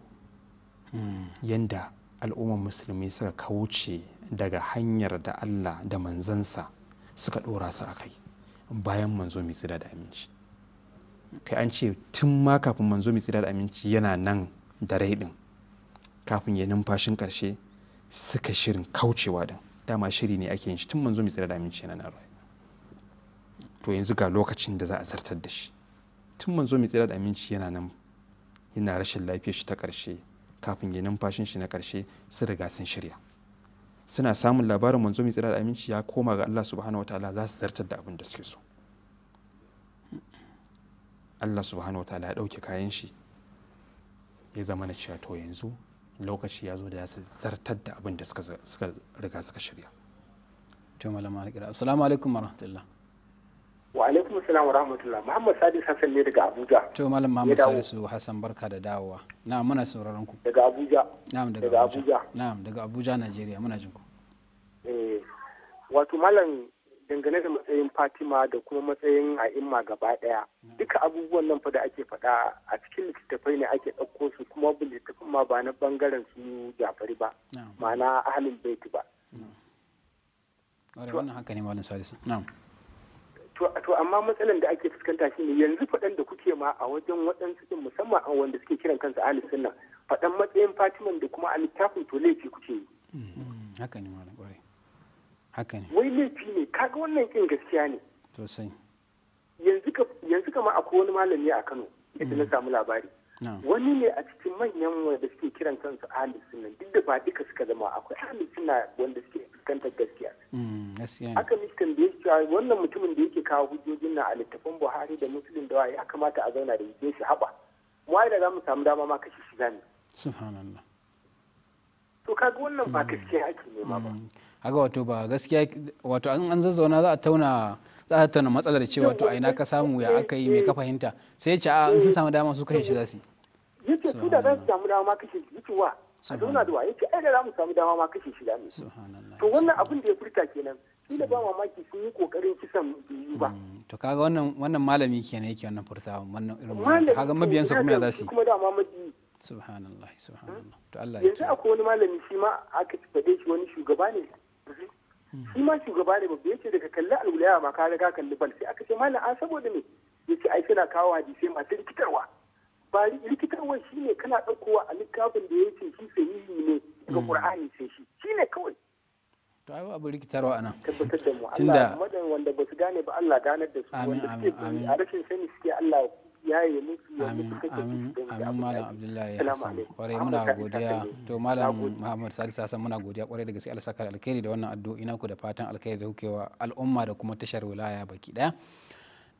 yadda al'ummar musulmi suka kauce daga hanyar da allah da manzansa suka ɗora su a kai bayan manzo mai tsira da aminci kai an ce tun ma kafin manzo mai tsira da aminci yana nan da rai kafin ya numfashin ƙarshe suka shirin kaucewa da dama shiri ne ake yin shi tun manzo mai tsira da aminci yana nan to yanzu ga lokacin da za a zartar da shi tun manzo mai tsira da aminci yana nan yana rashin lafiyar shi ta karshe kafin ya numfashin shi na karshe sun riga sun shirya suna samun labarin manzo mai tsira da aminci ya koma ga Allah subhanahu wataala za su zartar da abin da suke so Allah subhanahu wataala ya ɗauke kayan shi ya zama na cewa to yanzu lokaci ya zo da su zartar da abin da suka riga suka shirya to malama alƙira assalamu alaikum warahmatullah wa alaikum assalam wa rahmatullah muhammad sadis hassan ne daga abuja to malam muhammad sadisu hassan barka da dawowa na'am muna sauraron ku daga abuja na'am daga abuja na'am daga abuja najeriya muna jin ku eh wato malam dangane da matsayin fatima da kuma matsayin a'imma gaba daya mm. duka abubuwan nan fa da ake faɗa a cikin littattafai ne ake ɗauko su kuma littattafan ma ba na bangaren su jafari ba ma'ana ahalin baiti ba wannan haka ne malam salisu to amma matsalan da ake fuskanta shine yanzu faɗan da kuke ma a wajen waɗansu din musamman a wanda suke kiran kansu ahalin sunna faɗan matsayin fatiman da kuma a littafin to laifi kuke yi mm, haka ne malam kwarai haka ne wai laifi ne kaga wannan kin gaskiya ne sosai yanzu kama akwai wani malami a Kano yadda na mm. samu labari wani ne a cikin manyan wanda suke kiran kansu ahli sunna duk da ba duka suka zama akwai ahli sunna wanda suke fuskantar gaskiya haka miskan da yake wannan mutumin da yake kawo hujjojin na a littafin Buhari da Muslim da waye ya kamata a zauna da yake shi haba mu da zamu samu dama ma kashi shi zamu subhanallah to kaga wannan ba gaskiya ake nema ba haka mm. wato ba gaskiya wato an zazzauna za a tauna za a tattauna matsalar ce wato a ina ka samu ya aka yi mai ka fahimta sai ce a sun samu dama su kashe shi za su yi yace su da za su samu dama ma kashe shi yace wa a zauna da wa yace ai da za mu samu dama ma kashe shi da mu to wannan abin da ya furta kenan da ba mamaki sun yi kokarin kisan biyu ba mm. to kaga wannan wannan malami kenan yake wannan furta wannan irin kaga mabiyansa kuma ya za su yi kuma subhanallah hmm? subhanallah to Allah yanzu akwai wani malami shi ma aka fade shi wani shugaba ne hmm. shi ma shugaba ne babba yace daga kalli alwulaya ma ka riga kalli bal sai aka ce malam a saboda me yace ai kana kawo hadisai masu rikitarwa ba rikitarwa shine kana ɗaukowa a littafin da yace shi sahihi ne daga hmm. qur'ani sai shi shine kawai to ai abu rikitarwa anan tabbatar da mu Allah wanda ba su gane ba Allah ganar da su wanda suke a rashin sani suke Allah yaye musu ya musu kake amin malam abdullahi hassan kwarai muna godiya to malam muhammad salisu hassan muna godiya kwarai da gaske alsakar alkhairi da wannan addu'o'i naku da fatan alkhairi da kuke wa al'umma da kuma tashar wilaya baki daya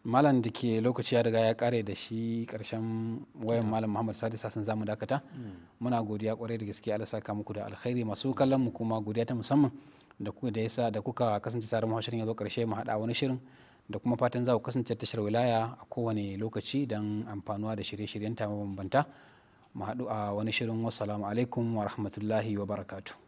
malam da ke lokaci ya riga ya kare da shi karshen wayan malam muhammad sadiq sassan zamu dakata hmm. muna godiya kwarai da gaske ala saka muku da alkhairi masu kallon mu kuma godiya ta musamman da kuka da kuka kasance tsarin mahashirin ya zo karshe mu hada wani shirin da kuma fatan za ku kasance tashar wilaya a kowane lokaci don amfanuwa da shirye shiryen ta mabambanta mu haɗu a wani shirin wasu alaikum wa rahmatullahi wa barakatu